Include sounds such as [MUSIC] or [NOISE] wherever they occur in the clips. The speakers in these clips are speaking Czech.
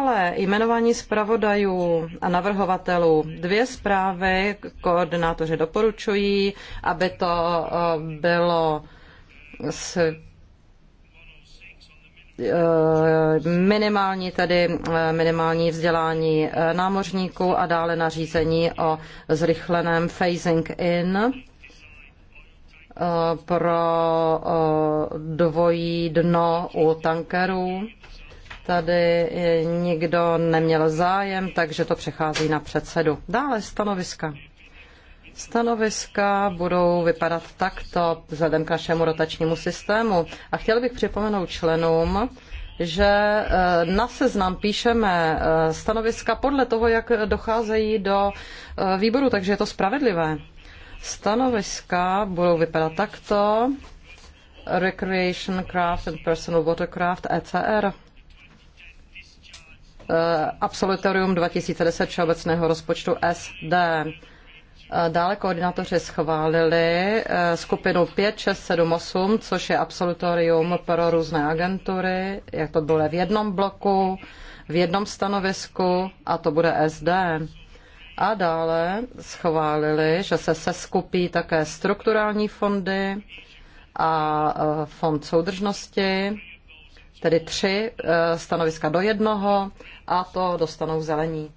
Ale jmenování zpravodajů a navrhovatelů. Dvě zprávy koordinátoři doporučují, aby to eh, bylo s eh, minimální tedy eh, minimální vzdělání námořníků a dále nařízení o zrychleném phasing in pro dvojí dno u tankerů Tady nikdo neměl zájem, takže to přechází na předsedu. Dále stanoviska. Stanoviska budou vypadat takto vzhledem k našemu rotačnímu systému. A chtěl bych připomenout členům, že eh, na seznam píšeme eh, stanoviska podle toho, jak docházejí do eh, výboru, takže je to spravedlivé. Stanoviska budou vypadat takto. Recreation Craft and Personal Watercraft ECR. Eh, absolutorium 2010 všeobecného rozpočtu SD. Eh, dále koordinátoři schválili eh, skupinu 5, 6, 7, 8, což je absolutorium pro různé agentury, jak to bylo v jednom bloku, v jednom stanovisku a to bude SD. A dále schválili, že se seskupí také strukturální fondy a fond soudržnosti tedy tři eh, stanoviska do jednoho a to dostanou zelení.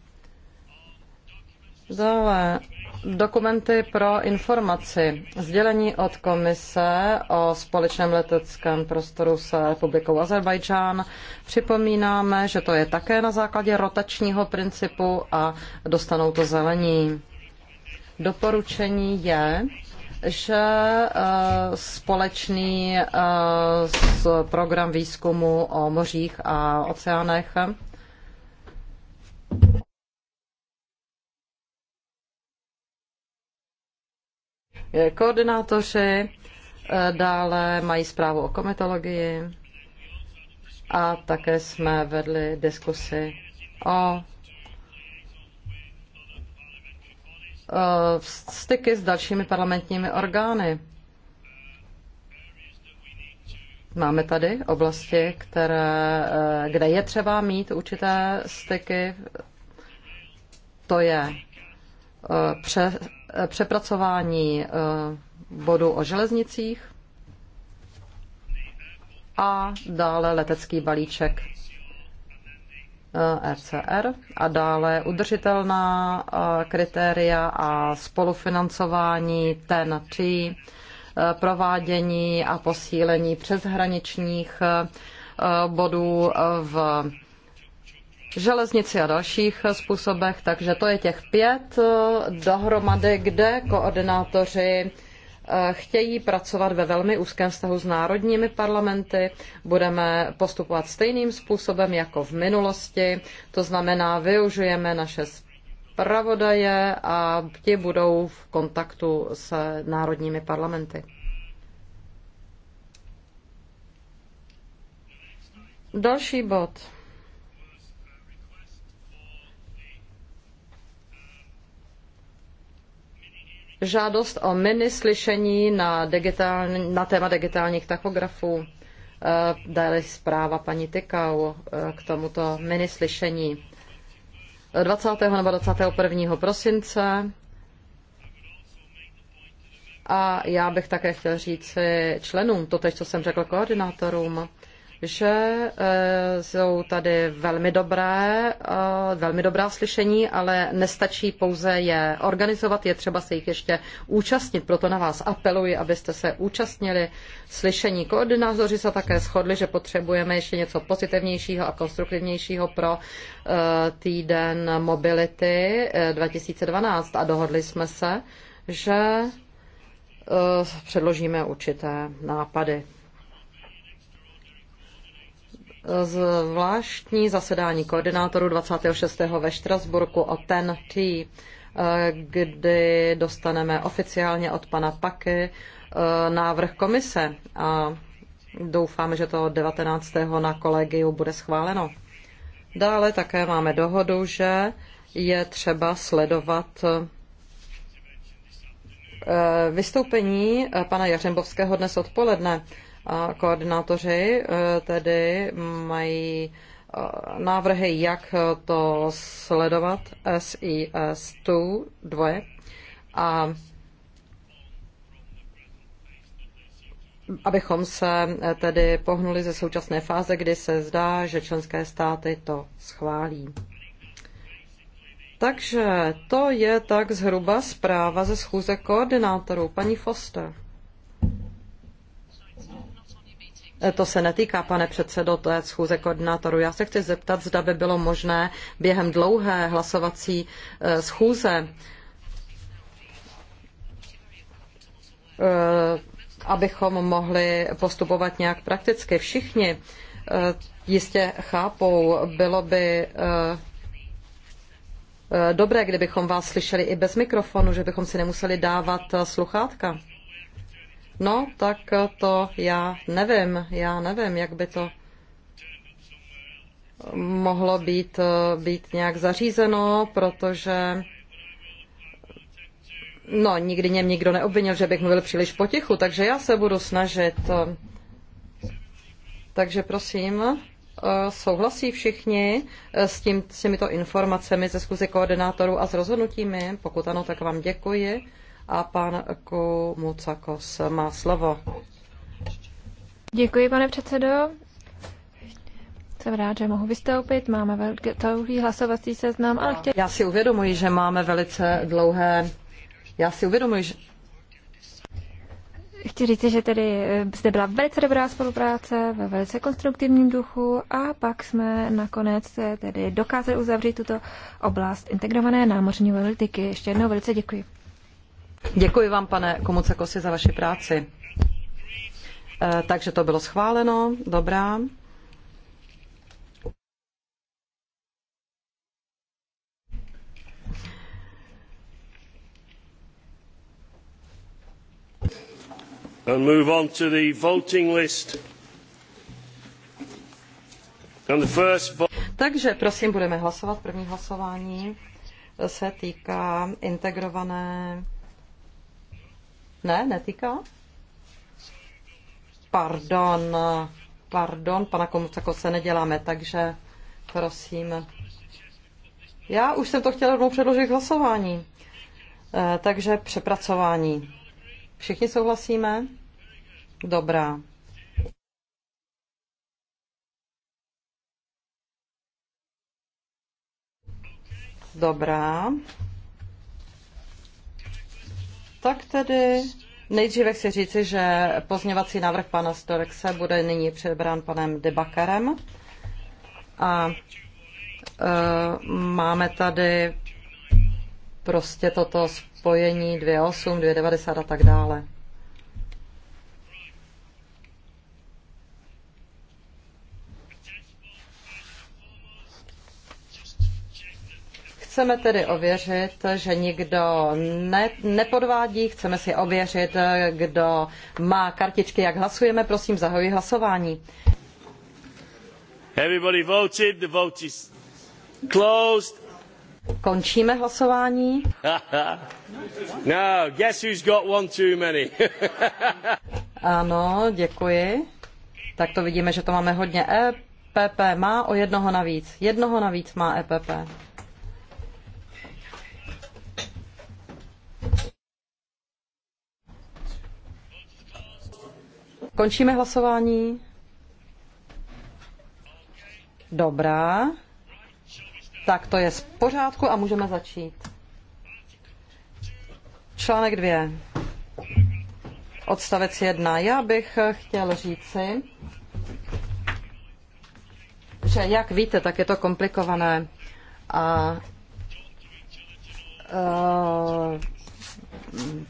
Dále dokumenty pro informaci. Sdělení od komise o společném leteckém prostoru s republikou Azerbajdžán. Připomínáme, že to je také na základě rotačního principu a dostanou to zelení. Doporučení je že eh, společný eh, program výzkumu o mořích a oceánech eh, koordinátoři dále mají zprávu o kometologii a také jsme vedli diskusi o Eh, styky s dalšími parlamentními orgány. Máme tady oblasti, které, eh, kde je třeba mít určité styky. To je eh, pře, přepracování bodu o železnicích a dále letecký balíček. RCR a dále udržitelná eh, kritéria a spolufinancování TNT, eh, provádění a posílení přeshraničních eh, bodů v železnici a dalších způsobech, takže to je těch pět dohromady, kde koordinátoři Eh, chtějí pracovat ve velmi úzkém vztahu s národními parlamenty. Budeme postupovat stejným způsobem jako v minulosti, to znamená, využijeme naše zpravodaje a ti budou v kontaktu s národními parlamenty. Další bod. žádost o mini slyšení na, na téma digitálních tachografů. Eh, Dali zpráva paní Tykau eh, k tomuto mini slyšení. 20. nebo 21. prosince. A já bych také chtěl říci členům to, teď co jsem řekl koordinátorům že eh, jsou tady velmi dobré, eh, velmi dobrá slyšení, ale nestačí pouze je organizovat, je třeba se jich ještě účastnit. Proto na vás apeluji, abyste se účastnili slyšení. Koordinátoři se také shodli, že potřebujeme ještě něco pozitivnějšího a konstruktivnějšího pro eh, týden mobility 2012 a dohodli jsme se, že předložíme určité nápady zvláštní zasedání koordinátorů 26. ve Štrasburku o ten tý, eh, kdy dostaneme oficiálně od pana Paky eh, návrh komise a doufáme, že to 19. na kolegiu bude schváleno. Dále také máme dohodu, že je třeba sledovat eh, vystoupení pana Jařembovského dnes odpoledne a koordinátoři eh, tedy mají eh, návrhy, jak to sledovat SIS2 dvoje a abychom se eh, tedy pohnuli ze současné fáze, kdy se zdá, že členské státy to schválí. Takže to je tak zhruba zpráva ze schůze koordinátorů. Paní Foster. To se netýká, pane předsedo, je schůze koordinátorů. Já se chci zeptat, zda by bylo možné během dlouhé hlasovací eh, schůze eh, abychom mohli postupovat nějak prakticky. Všichni eh, jistě chápou, bylo by dobré, kdybychom vás slyšeli i bez mikrofonu, že bychom si nemuseli dávat sluchátka. No, tak to já nevím. Já nevím, jak by to mohlo být, být nějak zařízeno, protože no, nikdy mě nikdo neobvinil, že bych mluvil příliš potichu, takže já se budu snažit. Takže prosím, souhlasí všichni s, tím, s těmito informacemi ze schůze koordinátorů a s rozhodnutími? Pokud ano, tak vám děkuji a pan Kumucakos má slovo. Děkuji, pane předsedo. Jsem rád, že mohu vystoupit. Máme velký dlouhý hlasovací seznam, ale chtěl... Já si uvědomuji, že máme velice dlouhé... Já si uvědomuji, že... Chci říct, že tedy eh, zde byla velice dobrá spolupráce ve velice konstruktivním duchu a pak jsme nakonec eh, tedy dokázali uzavřít tuto oblast integrované námořní politiky. Ještě jednou velice děkuji. Děkuji vám, pane Komucekosi, za vaši práci. Eh, takže to bylo schváleno, dobrá. And move on to the voting list. And the first Takže prosím, budeme hlasovat. První hlasování se týká integrované ne, netýká? Pardon, pardon, pana Komcako se neděláme, takže prosím. Já už jsem to chtěla rovnou předložit k hlasování. Eh, takže přepracování. Všichni souhlasíme? Dobrá. Dobrá. Tak tedy nejdříve chci říci, že pozněvací návrh pana Storexe bude nyní přebrán panem Debakarem. A e, máme tady prostě toto spojení 2.8, 2.90 a tak dále. Chceme tedy ověřit, že nikdo ne, nepodvádí, chceme si ověřit, kdo má kartičky, jak hlasujeme. Prosím, zahoji hlasování. Everybody voted, the vote is closed. Končíme hlasování. [LAUGHS] no, guess who's got one too many. [LAUGHS] ano, děkuji. Tak to vidíme, že to máme hodně EPP má o jednoho navíc. Jednoho navíc má EPP. Končíme hlasování. Dobrá. Tak to je z pořádku a můžeme začít. Článek 2. Odstavec 1. Já bych chtěl říci, že jak víte, tak je to komplikované. A uh, eh,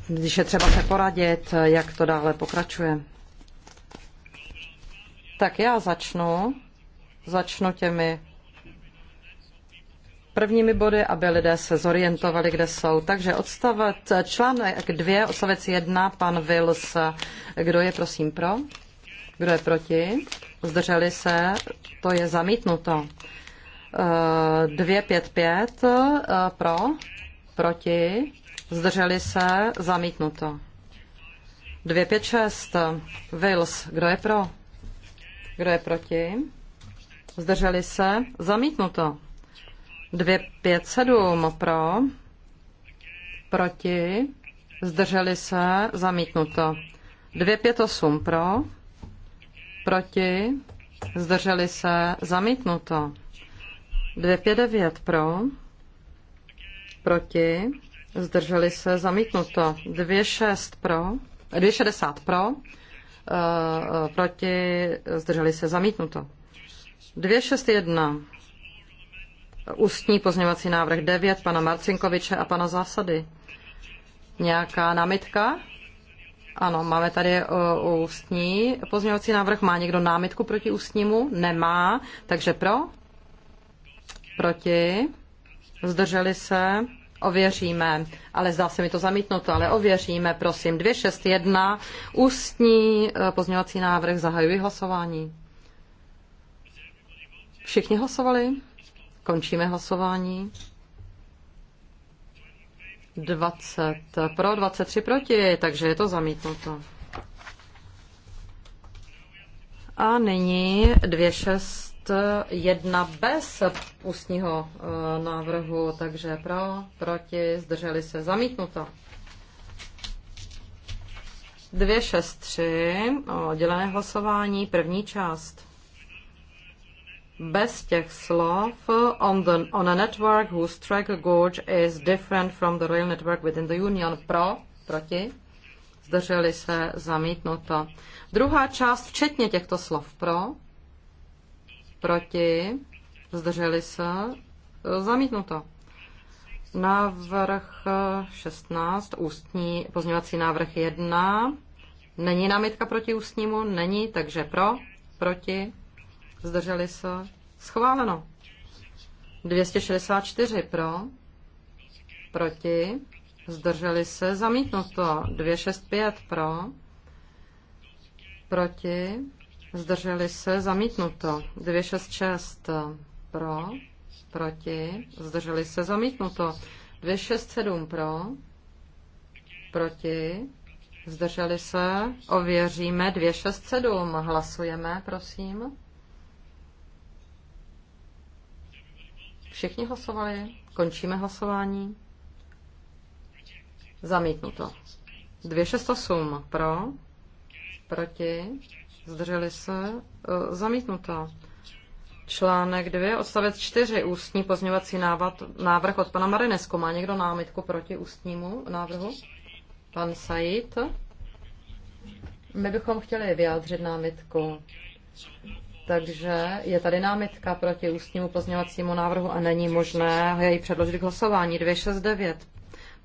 když je třeba se poradit, jak to dále pokračuje. Tak já začnu. Začnu těmi prvními body, aby lidé se zorientovali, kde jsou. Takže odstavec, článek 2, odstavec 1, pan Vils. Kdo je prosím pro? Kdo je proti? Zdrželi se? To je zamítnuto. 255 eh, eh, pro, proti, zdrželi se, zamítnuto. 256 Vils, kdo je pro? Kdo je proti? Zdrželi se? Zamítnuto. 257 pro, proti, zdrželi se, zamítnuto. 258 pro, proti, zdrželi se, zamítnuto. 259 pro, proti, zdrželi se, zamítnuto. 26 pro, 260 pro, Eh, proti, zdrželi se zamítnuto. 261. Ústní pozměňovací návrh 9 pana Marcinkoviče a pana Zásady. Nějaká námitka? Ano, máme tady eh, ústní pozměňovací návrh. Má někdo námitku proti ústnímu? Nemá. Takže pro? Proti? Zdrželi se? ověříme, ale zdá se mi to zamítnuto, ale ověříme, prosím, 261, ústní eh, pozměňovací návrh, zahajuji hlasování. Všichni hlasovali? Končíme hlasování. 20 pro, 23 proti, takže je to zamítnuto. A nyní 26 1 bez ústního eh, návrhu, takže pro, proti, zdrželi se, zamítnuto. 263, oddělené hlasování, první část. Bez těch slov, on, the, on a network whose track gauge is different from the rail network within the union. Pro, proti, zdrželi se, zamítnuto. Druhá část, včetně těchto slov pro, proti, zdrželi se, zamítnuto. Návrh 16, ústní pozměňovací návrh 1. Není námitka proti ústnímu? Není, takže pro, proti, zdrželi se, schváleno. 264 pro, proti, zdrželi se, zamítnuto. 265 pro, proti, zdrželi se, zamítnuto. 266 pro, proti, zdrželi se, zamítnuto. 267 pro, proti, zdrželi se, ověříme 267, hlasujeme, prosím. Všichni hlasovali, končíme hlasování. Zamítnuto. 268 pro, proti, zdrželi se, e, zamítnuto. Článek 2, odstavec 4, ústní pozměvací návrh, návrh od pana Marinesku. Má někdo námitku proti ústnímu návrhu? Pan Said? My bychom chtěli vyjádřit námitku. Takže je tady námitka proti ústnímu pozměvacímu návrhu a není možné jej předložit k hlasování. 269.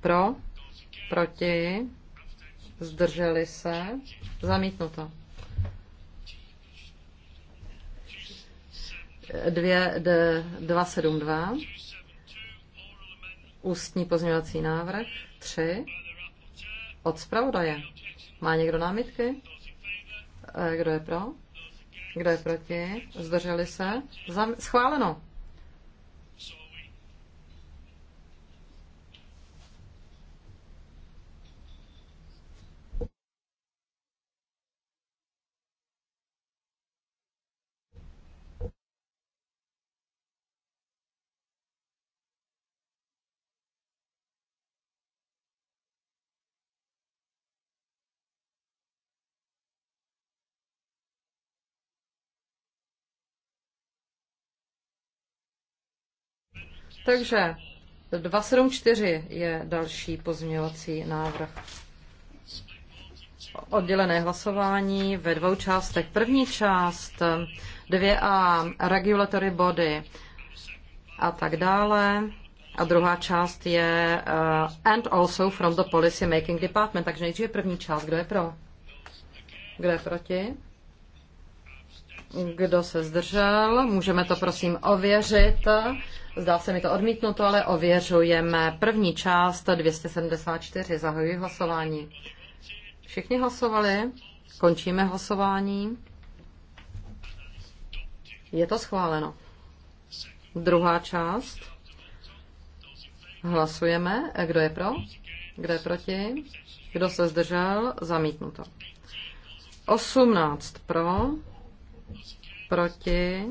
Pro? Proti? Zdrželi se? Zamítnuto. 272, ústní pozměňovací návrh 3 od zpravodaje. Má někdo námitky? Eh, kdo je pro? Kdo je proti? Zdrželi se? Zam- schváleno. Takže 274 je další pozměňovací návrh. Oddělené hlasování ve dvou částech. První část 2a regulatory body a tak dále. A druhá část je uh, and also from the policy making department. Takže nejdříve první část. Kdo je pro? Kdo je proti? Kdo se zdržel? Můžeme to prosím ověřit. Zdá se mi to odmítnuto, ale ověřujeme. První část 274. Zahajuji hlasování. Všichni hlasovali. Končíme hlasování. Je to schváleno. Druhá část. Hlasujeme. Kdo je pro? Kdo je proti? Kdo se zdržel? Zamítnuto. 18 pro, proti,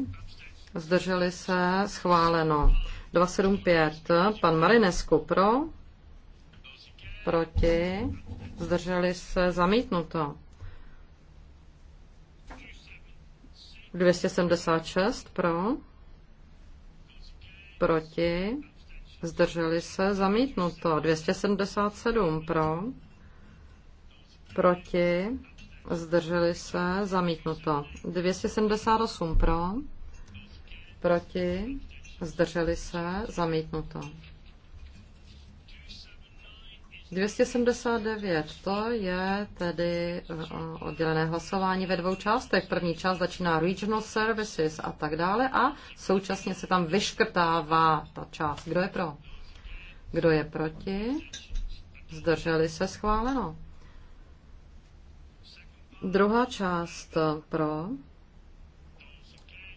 zdrželi se, schváleno. 275, pan Marinesku pro, proti, zdrželi se, zamítnuto. 276 pro, proti, zdrželi se, zamítnuto. 277 pro, proti, zdrželi se, zamítnuto. 278 pro, Proti? Zdrželi se? Zamítnuto. 279, to je tedy eh, oddělené hlasování ve dvou částech. První část začíná regional services a tak dále a současně se tam vyškrtává ta část. Kdo je pro? Kdo je proti? Zdrželi se schváleno. Druhá část eh, pro,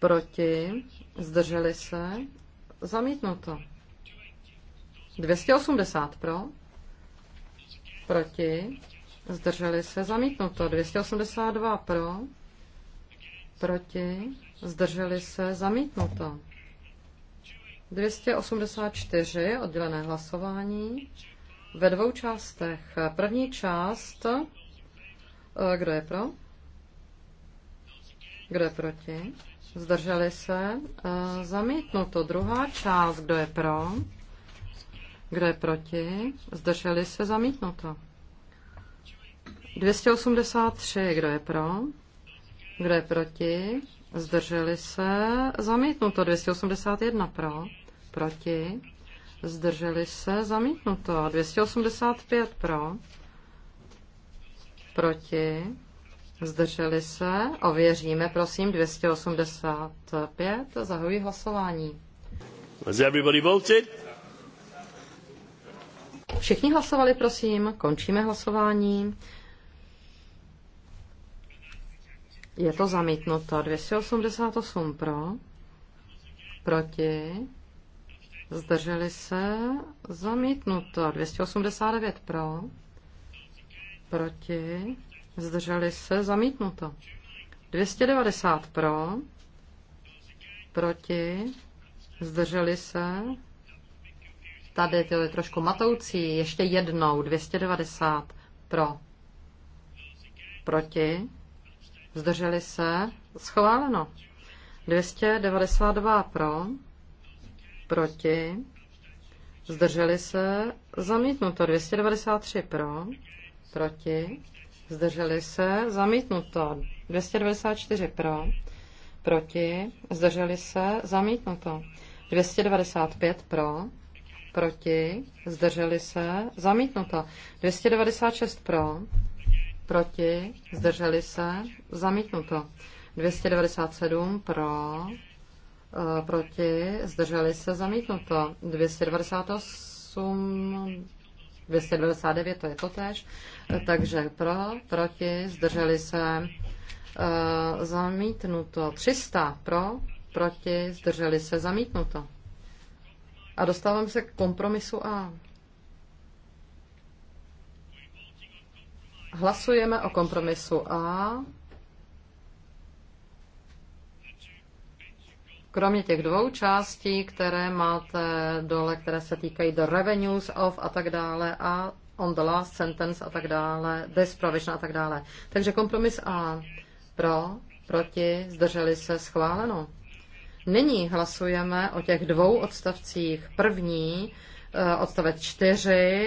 proti, Zdrželi se? Zamítnuto. 280 pro? Proti? Zdrželi se? Zamítnuto. 282 pro? Proti? Zdrželi se? Zamítnuto. 284 oddělené hlasování ve dvou částech. První část, eh, kdo je pro? Kdo je proti? Zdrželi se? E, zamítnuto. Druhá část. Kdo je pro? Kdo je proti? Zdrželi se? Zamítnuto. 283. Kdo je pro? Kdo je proti? Zdrželi se? Zamítnuto. 281 pro? Proti? Zdrželi se? Zamítnuto. 285 pro? Proti? Zdrželi se? Ověříme, prosím, 285. Zahajuji hlasování. Was everybody voted? Všichni hlasovali, prosím. Končíme hlasování. Je to zamítnuto. 288 pro. Proti. Zdrželi se. Zamítnuto. 289 pro. Proti. Zdrželi se zamítnuto. 290 pro, proti, zdrželi se. Tady to je trošku matoucí. Ještě jednou 290 pro, proti, zdrželi se. Schváleno. 292 pro, proti, zdrželi se. Zamítnuto 293 pro, proti, zdrželi se, zamítnuto. 294 pro, proti, zdrželi se, zamítnuto. 295 pro, proti, zdrželi se, zamítnuto. 296 pro, proti, zdrželi se, zamítnuto. 297 pro, eh, proti, zdrželi se, zamítnuto. 298 299, to je to tež. Takže pro, proti, zdrželi se, eh, zamítnuto. 300 pro, proti, zdrželi se, zamítnuto. A dostávám se k kompromisu A. Hlasujeme o kompromisu A. Kromě těch dvou částí, které máte dole, které se týkají do revenues of a tak dále a on the last sentence a tak dále, this provision a tak dále. Takže kompromis A pro, proti, zdrželi se, schváleno. Nyní hlasujeme o těch dvou odstavcích. První, eh, odstavec čtyři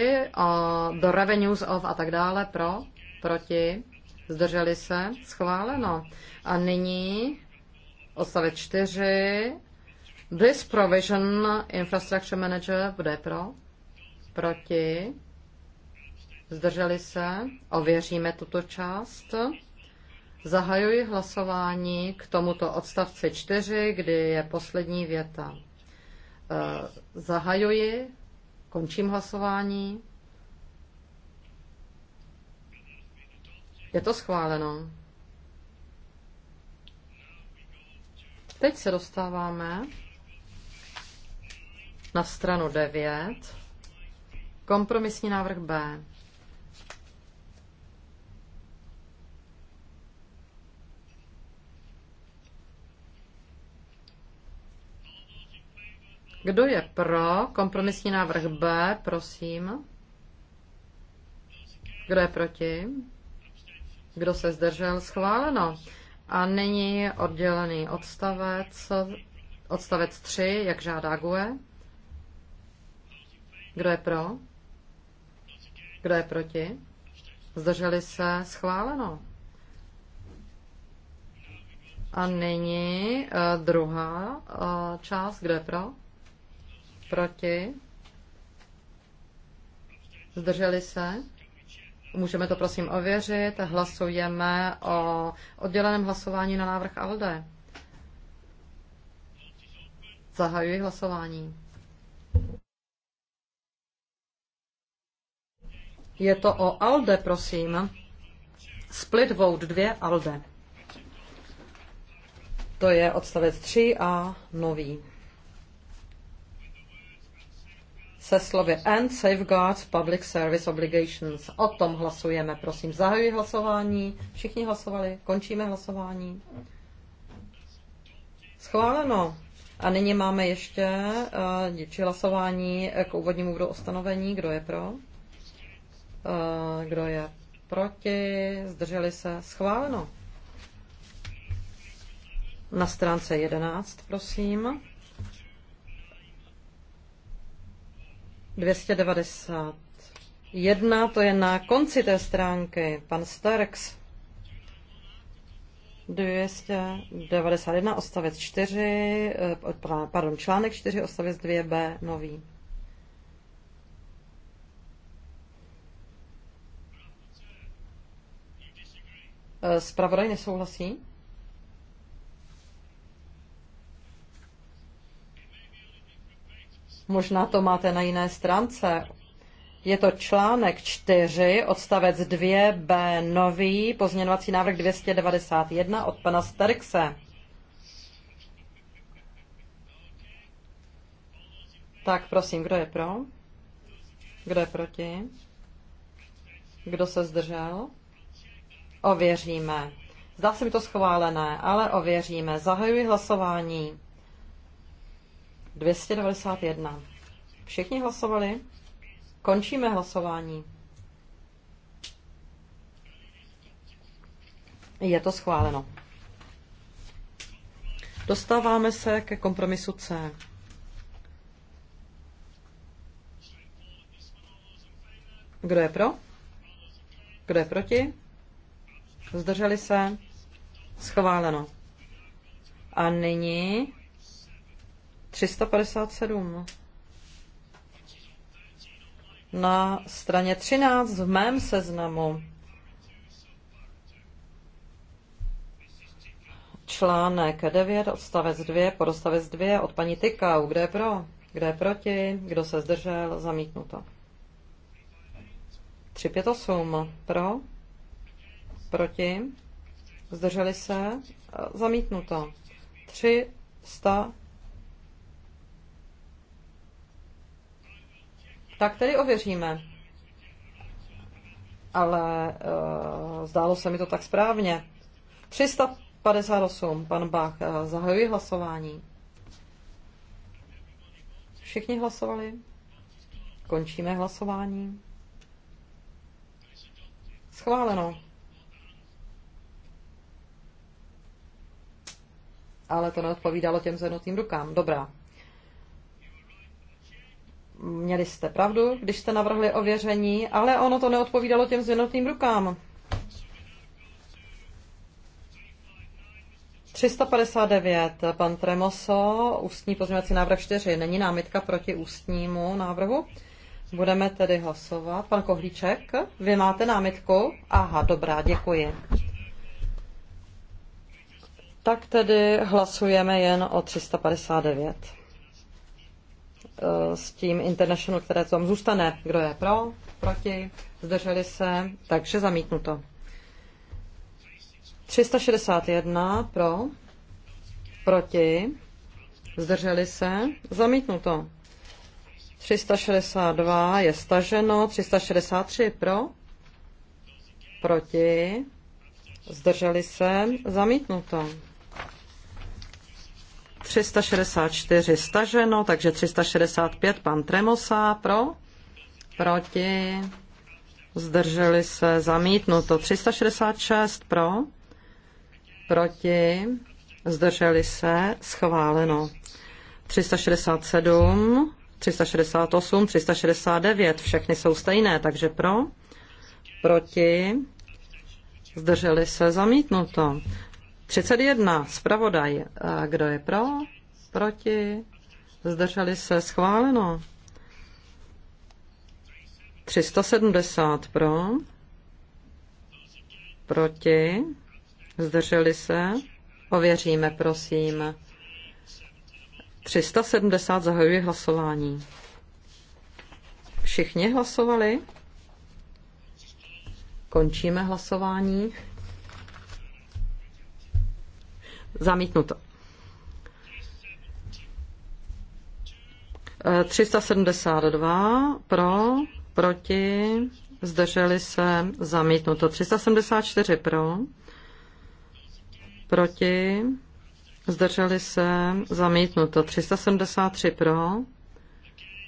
do revenues of a tak dále, pro, proti, zdrželi se, schváleno. A nyní Odstavec 4. This provision infrastructure manager bude pro, proti, zdrželi se, ověříme tuto část. Zahajuji hlasování k tomuto odstavci 4, kdy je poslední věta. Eh, zahajuji, končím hlasování. Je to schváleno. Teď se dostáváme na stranu 9, kompromisní návrh B. Kdo je pro kompromisní návrh B, prosím? Kdo je proti? Kdo se zdržel? Schváleno. A nyní oddělený odstavec, odstavec 3, jak žádá GUE. Kdo je pro? Kdo je proti? Zdrželi se schváleno. A nyní uh, druhá uh, část, kde pro? Proti? Zdrželi se? Můžeme to prosím ověřit. Hlasujeme o odděleném hlasování na návrh ALDE. Zahajuji hlasování. Je to o ALDE, prosím. Split vote 2 ALDE. To je odstavec 3 a nový. se slovy and safeguards public service obligations. O tom hlasujeme, prosím. Zahajuji hlasování. Všichni hlasovali. Končíme hlasování. Schváleno. A nyní máme ještě uh, hlasování k úvodnímu bodu ustanovení. Kdo je pro? Uh, kdo je proti? Zdrželi se? Schváleno. Na stránce 11, prosím. 291, to je na konci té stránky, pan Starks. 291 odstavec 4, eh, pardon, článek 4 odstavec 2b nový. Spravodaj eh, nesouhlasí? Možná to máte na jiné stránce. Je to článek 4, odstavec 2b, nový pozměňovací návrh 291 od pana Sterkse. Tak prosím, kdo je pro? Kdo je proti? Kdo se zdržel? Ověříme. Zdá se mi to schválené, ale ověříme. Zahajuji hlasování. 291. Všichni hlasovali? Končíme hlasování. Je to schváleno. Dostáváme se ke kompromisu C. Kdo je pro? Kdo je proti? Zdrželi se? Schváleno. A nyní 357. Na straně 13 v mém seznamu článek 9, odstavec 2, podstavec 2 od paní Tykau. Kde je pro? Kde je proti? Kdo se zdržel? Zamítnuto. 358 pro? Proti? Zdrželi se? Zamítnuto. 300 tak tedy ověříme. Ale uh, zdálo se mi to tak správně. 358, pan Bach, eh, zahajuji hlasování. Všichni hlasovali? Končíme hlasování. Schváleno. Ale to neodpovídalo těm zvednutým rukám. Dobrá. Měli jste pravdu, když jste navrhli ověření, ale ono to neodpovídalo těm zvinutým rukám. 359, pan Tremoso, ústní pozměňovací návrh 4. Není námitka proti ústnímu návrhu? Budeme tedy hlasovat. Pan Kohlíček, vy máte námitku? Aha, dobrá, děkuji. Tak tedy hlasujeme jen o 359. Eh, s tím International, které tam zůstane. Kdo je pro, proti, zdrželi se, takže zamítnuto. 361 pro, proti, zdrželi se, zamítnuto. 362 je staženo, 363 pro, proti, zdrželi se, zamítnuto. 364 staženo, takže 365 pan Tremosa pro, proti, zdrželi se, zamítnuto. 366 pro, proti, zdrželi se, schváleno. 367, 368, 369, všechny jsou stejné, takže pro, proti, zdrželi se, zamítnuto. 31. Spravodaj. A kdo je pro? Proti? Zdrželi se? Schváleno. 370 pro. Proti? Zdrželi se? Ověříme, prosím. 370 zahajuje hlasování. Všichni hlasovali? Končíme hlasování. Zamítnuto. 372 e, pro, proti, zdrželi se, zamítnuto. 374 pro, proti, zdrželi se, zamítnuto. 373 pro,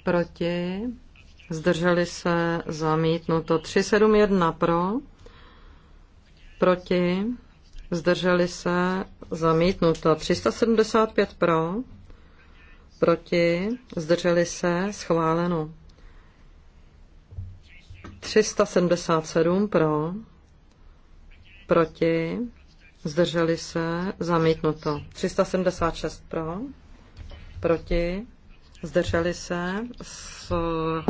proti, zdrželi se, zamítnuto. 371 pro, proti, zdrželi se, Zamítnuto. 375 pro. Proti. Zdrželi se. Schváleno. 377 pro. Proti. Zdrželi se. Zamítnuto. 376 pro. Proti. Zdrželi se. S,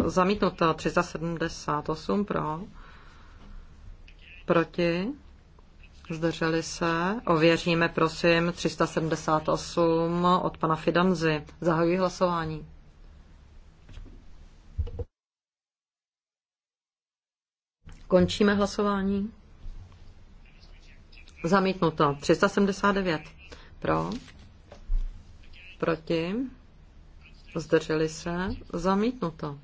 zamítnuto. 378 pro. Proti. Zdrželi se. Ověříme, prosím, 378 od pana Fidanzy. Zahajuji hlasování. Končíme hlasování. Zamítnuto. 379. Pro. Proti. Zdrželi se. Zamítnuto.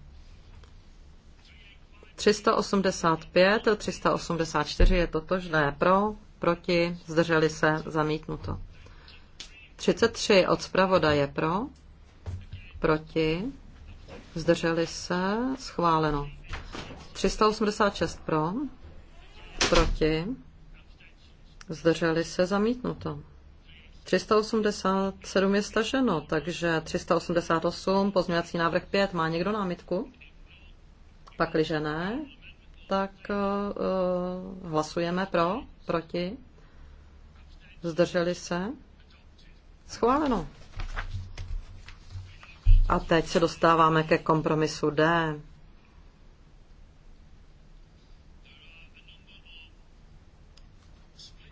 385, 384 je totožné. Pro proti, zdrželi se, zamítnuto. 33 od zpravodaje pro, proti, zdrželi se, schváleno. 386 pro, proti, zdrželi se, zamítnuto. 387 je staženo, takže 388, pozměňovací návrh 5. Má někdo námitku? Pakliže ne, tak uh, hlasujeme pro proti, zdrželi se, schváleno. A teď se dostáváme ke kompromisu D.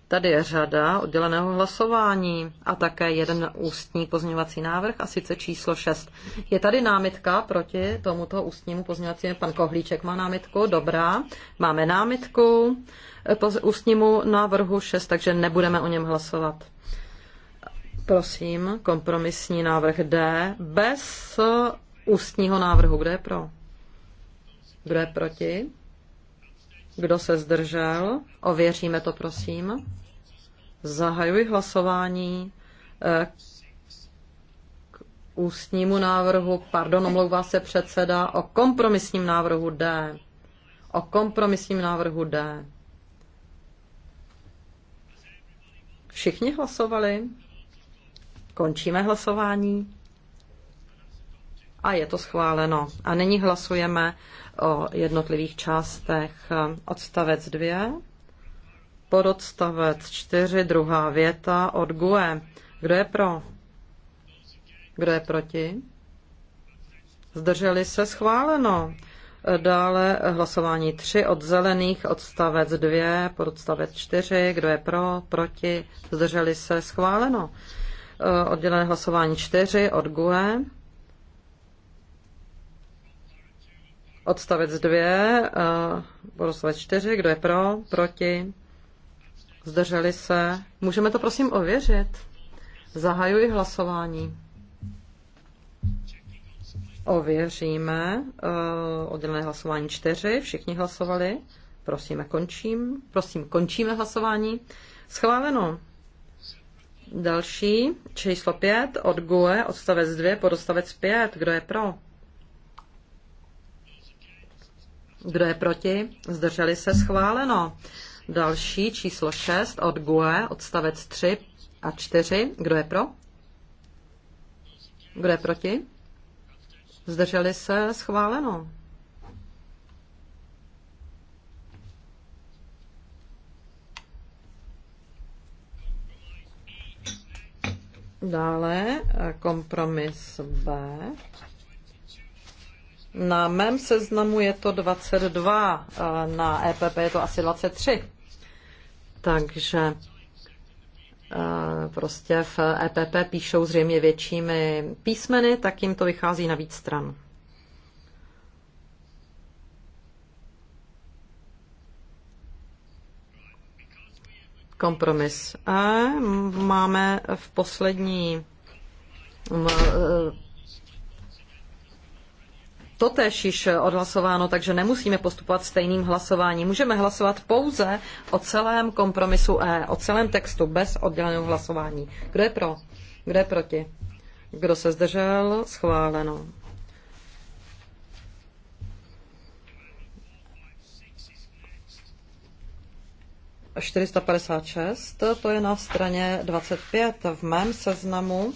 Tady je řada odděleného hlasování a také jeden ústní pozměňovací návrh, a sice číslo 6. Je tady námitka proti tomuto ústnímu pozměňovacímu? Pan Kohlíček má námitku, dobrá. Máme námitku po ústnímu návrhu 6, takže nebudeme o něm hlasovat. Prosím, kompromisní návrh D bez ústního návrhu. Kdo je pro? Kdo je proti? Kdo se zdržel? Ověříme to, prosím. Zahajuji hlasování eh, k ústnímu návrhu, pardon, omlouvá se předseda, o kompromisním návrhu D. O kompromisním návrhu D. Všichni hlasovali? Končíme hlasování a je to schváleno. A nyní hlasujeme o jednotlivých částech. Odstavec 2, pododstavec 4, druhá věta od GUE. Kdo je pro? Kdo je proti? Zdrželi se schváleno. Dále hlasování 3 od zelených, odstavec 2, podstavec 4, kdo je pro, proti, zdrželi se, schváleno. Oddělené hlasování 4 od GUE, Odstavec 2, eh, odstavec 4, kdo je pro, proti, zdrželi se. Můžeme to prosím ověřit. Zahajuji hlasování. Ověříme uh, oddělené hlasování 4. Všichni hlasovali. Prosíme, končím. Prosím, končíme hlasování. Schváleno. Další, číslo 5, od GUE, odstavec 2, podstavec 5. Kdo je pro? Kdo je proti? Zdrželi se schváleno. Další číslo 6 od GUE, odstavec 3 a 4. Kdo je pro? Kdo je proti? Zdrželi se schváleno. Dále eh, kompromis B. Na mém seznamu je to 22, eh, na EPP je to asi 23. Takže eh, prostě v EPP píšou zřejmě většími písmeny, tak jim to vychází na víc stran. Kompromis. A máme v poslední eh, totež již odhlasováno, takže nemusíme postupovat stejným hlasováním. Můžeme hlasovat pouze o celém kompromisu E, o celém textu, bez odděleného hlasování. Kdo je pro? Kdo je proti? Kdo se zdržel? Schváleno. A 456, to je na straně 25 v mém seznamu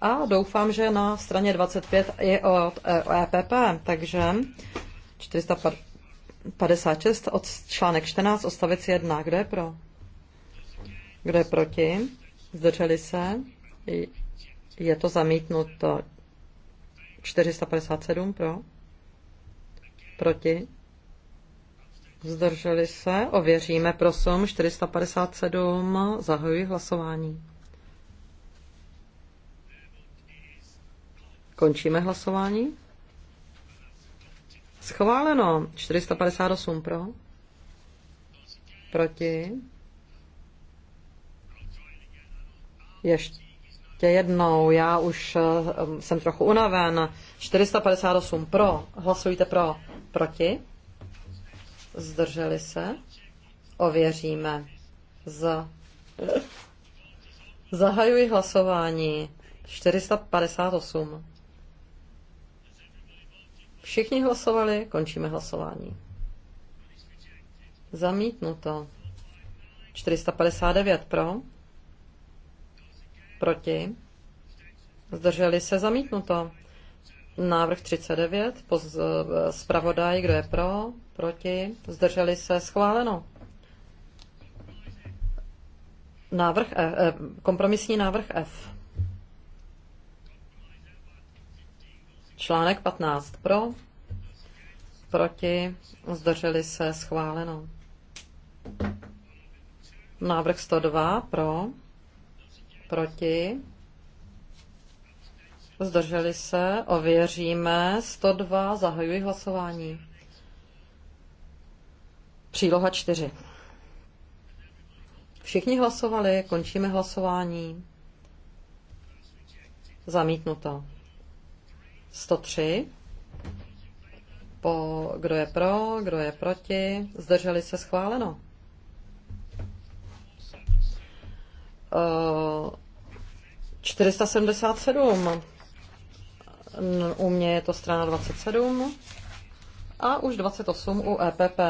a doufám, že na straně 25 je od EPP, e takže 456 od článek 14 odstavec 1. Kdo je pro? Kdo je proti? Zdrželi se? Je to zamítnuto 457 pro? Proti? Zdrželi se? Ověříme, prosím. 457. Zahajuji hlasování. Končíme hlasování. Schváleno. 458 pro. Proti. Ještě jednou, já už eh, jsem trochu unaven. 458 pro. Hlasujte pro. Proti. Zdrželi se. Ověříme. Za. Zahajuji hlasování. 458. Všichni hlasovali, končíme hlasování. Zamítnuto. 459 pro. Proti. Zdrželi se zamítnuto. Návrh 39, poz, eh, zpravodaj, kdo je pro, proti, zdrželi se, schváleno. Návrh e, kompromisní návrh F. Článek 15 pro, proti, zdrželi se, schváleno. Návrh 102 pro, proti, zdrželi se, ověříme, 102, zahajuji hlasování. Příloha 4. Všichni hlasovali, končíme hlasování. Zamítnuto. 103. Po, kdo je pro, kdo je proti, zdrželi se schváleno. Uh, eh, 477. U mě je to strana 27 a už 28 u EPP.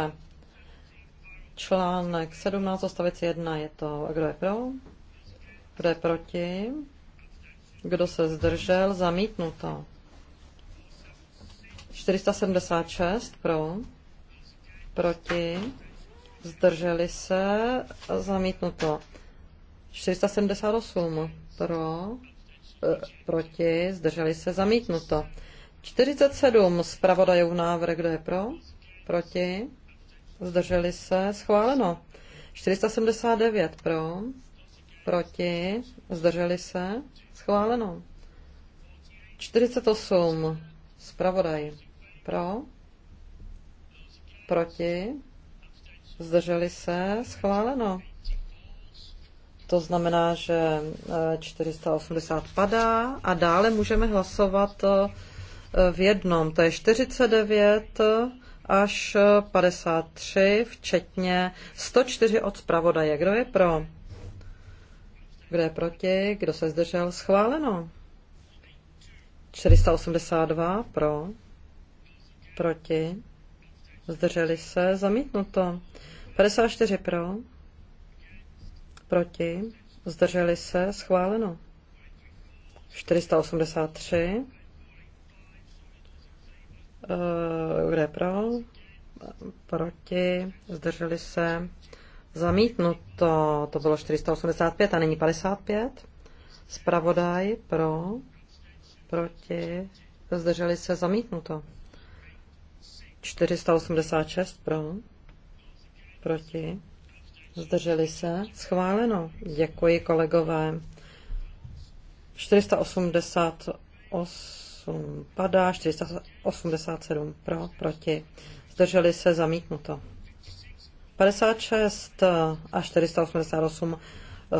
Článek 17, odstavec 1 je to, kdo je pro, kdo je proti, kdo se zdržel, zamítnuto. 476 pro, proti, zdrželi se, zamítnuto. 478 pro, eh, proti, zdrželi se, zamítnuto. 47 zpravodajů návrh, kdo je pro, proti, zdrželi se, schváleno. 479 pro, proti, zdrželi se, schváleno. 48 zpravodaj. pro, proti, zdrželi se, schváleno. To znamená, že 480 eh, padá a dále můžeme hlasovat eh, v jednom. To je 49 až 53, včetně 104 od zpravodaje. Kdo je pro? Kdo je proti? Kdo se zdržel? Schváleno. 482 pro, proti, zdrželi se, zamítnuto. 54 pro, proti, zdrželi se, schváleno. 483, eh, kde pro, proti, zdrželi se, zamítnuto, to bylo 485 a není 55. Spravodaj pro, proti, zdrželi se zamítnuto. 486 pro, proti, zdrželi se, schváleno. Děkuji kolegové. 488 padá, 487 pro, proti, zdrželi se, zamítnuto. 56 a 488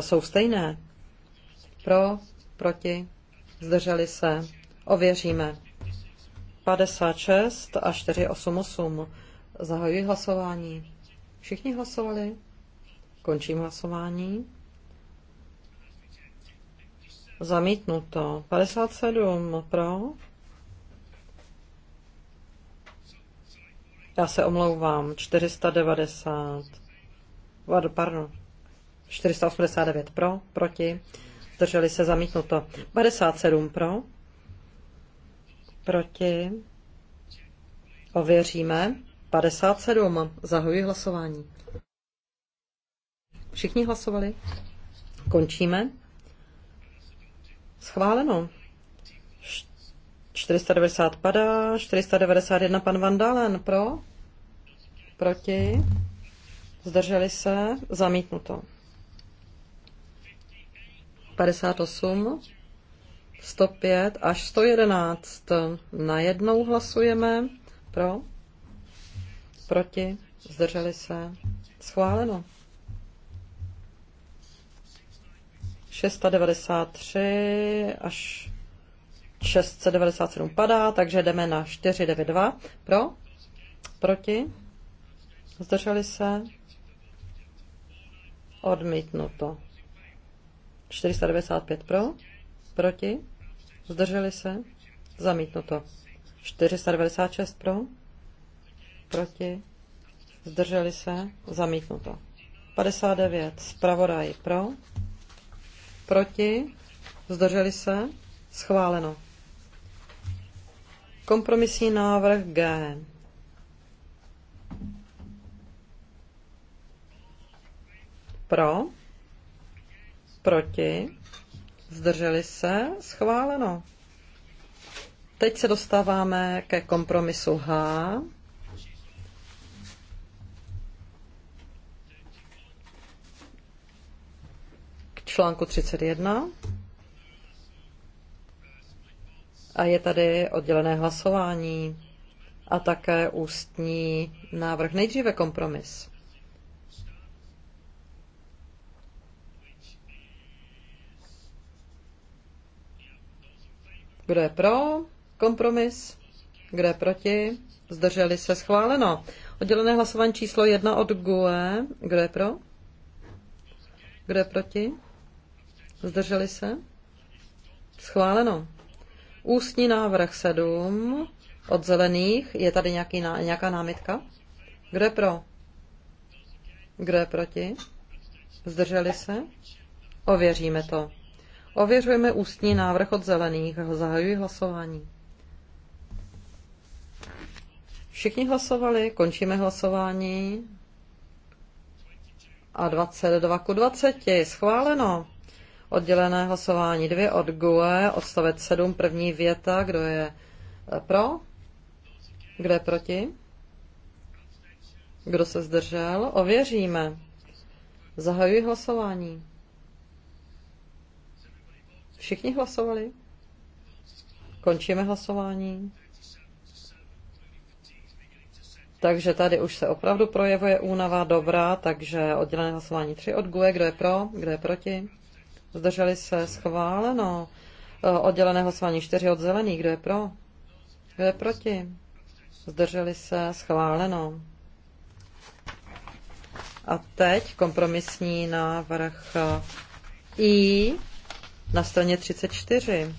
jsou stejné. Pro, proti, zdrželi se, ověříme. 56 a 488. Zahajuji hlasování. Všichni hlasovali? Končím hlasování. Zamítnuto. 57 pro. Já se omlouvám. 490. Pardon. 489 pro, proti zdrželi se zamítnuto. 57 pro, proti, ověříme. 57, zahajuji hlasování. Všichni hlasovali? Končíme. Schváleno. 490 padá, 491 pan Vandalen pro, proti, zdrželi se, zamítnuto. 58, 105 až 111. Najednou hlasujeme pro, proti, zdrželi se, schváleno. 693 až 697 padá, takže jdeme na 492. Pro? Proti? Zdrželi se? Odmítnuto. 495 pro, proti, zdrželi se, zamítnuto. 496 pro, proti, zdrželi se, zamítnuto. 59 zpravodaj pro, proti, zdrželi se, schváleno. Kompromisní návrh G. Pro, proti, zdrželi se, schváleno. Teď se dostáváme ke kompromisu H. K článku 31. A je tady oddělené hlasování a také ústní návrh. Nejdříve kompromis. Kdo je pro? Kompromis. Kdo je proti? Zdrželi se schváleno. Oddělené hlasování číslo 1 od GUE. Kdo je pro? Kdo je proti? Zdrželi se? Schváleno. Ústní návrh 7 od zelených. Je tady nějaký, nějaká námitka? Kdo je pro? Kdo je proti? Zdrželi se? Ověříme to. Ověřujeme ústní návrh od zelených. Zahajuji hlasování. Všichni hlasovali, končíme hlasování. A 22 ku 20, schváleno. Oddělené hlasování 2 od GUE, odstavec 7, první věta, kdo je eh, pro, kdo je proti, kdo se zdržel, ověříme. Zahajuji hlasování. Všichni hlasovali? Končíme hlasování. Takže tady už se opravdu projevuje únava dobrá, takže oddělené hlasování 3 od GUE, kdo je pro, kdo je proti. Zdrželi se schváleno. E, oddělené hlasování 4 od zelených, kdo je pro, kdo je proti. Zdrželi se schváleno. A teď kompromisní návrh I e na straně 34.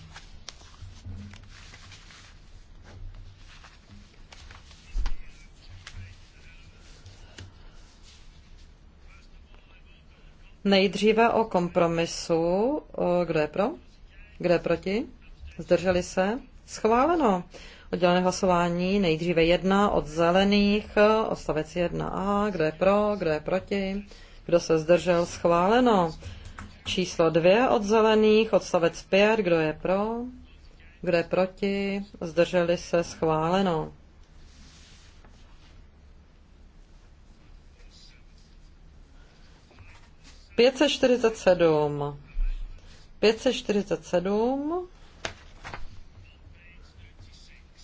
Nejdříve o kompromisu. Kdo je pro? Kdo je proti? Zdrželi se? Schváleno. Oddělené hlasování nejdříve jedna od zelených, odstavec jedna. a Kdo je pro? Kdo je proti? Kdo se zdržel? Schváleno. Číslo dvě od zelených, odstavec pět, kdo je pro, kdo je proti, zdrželi se schváleno. Pětset čtyřicet sedm. Pětset čtyřicet sedm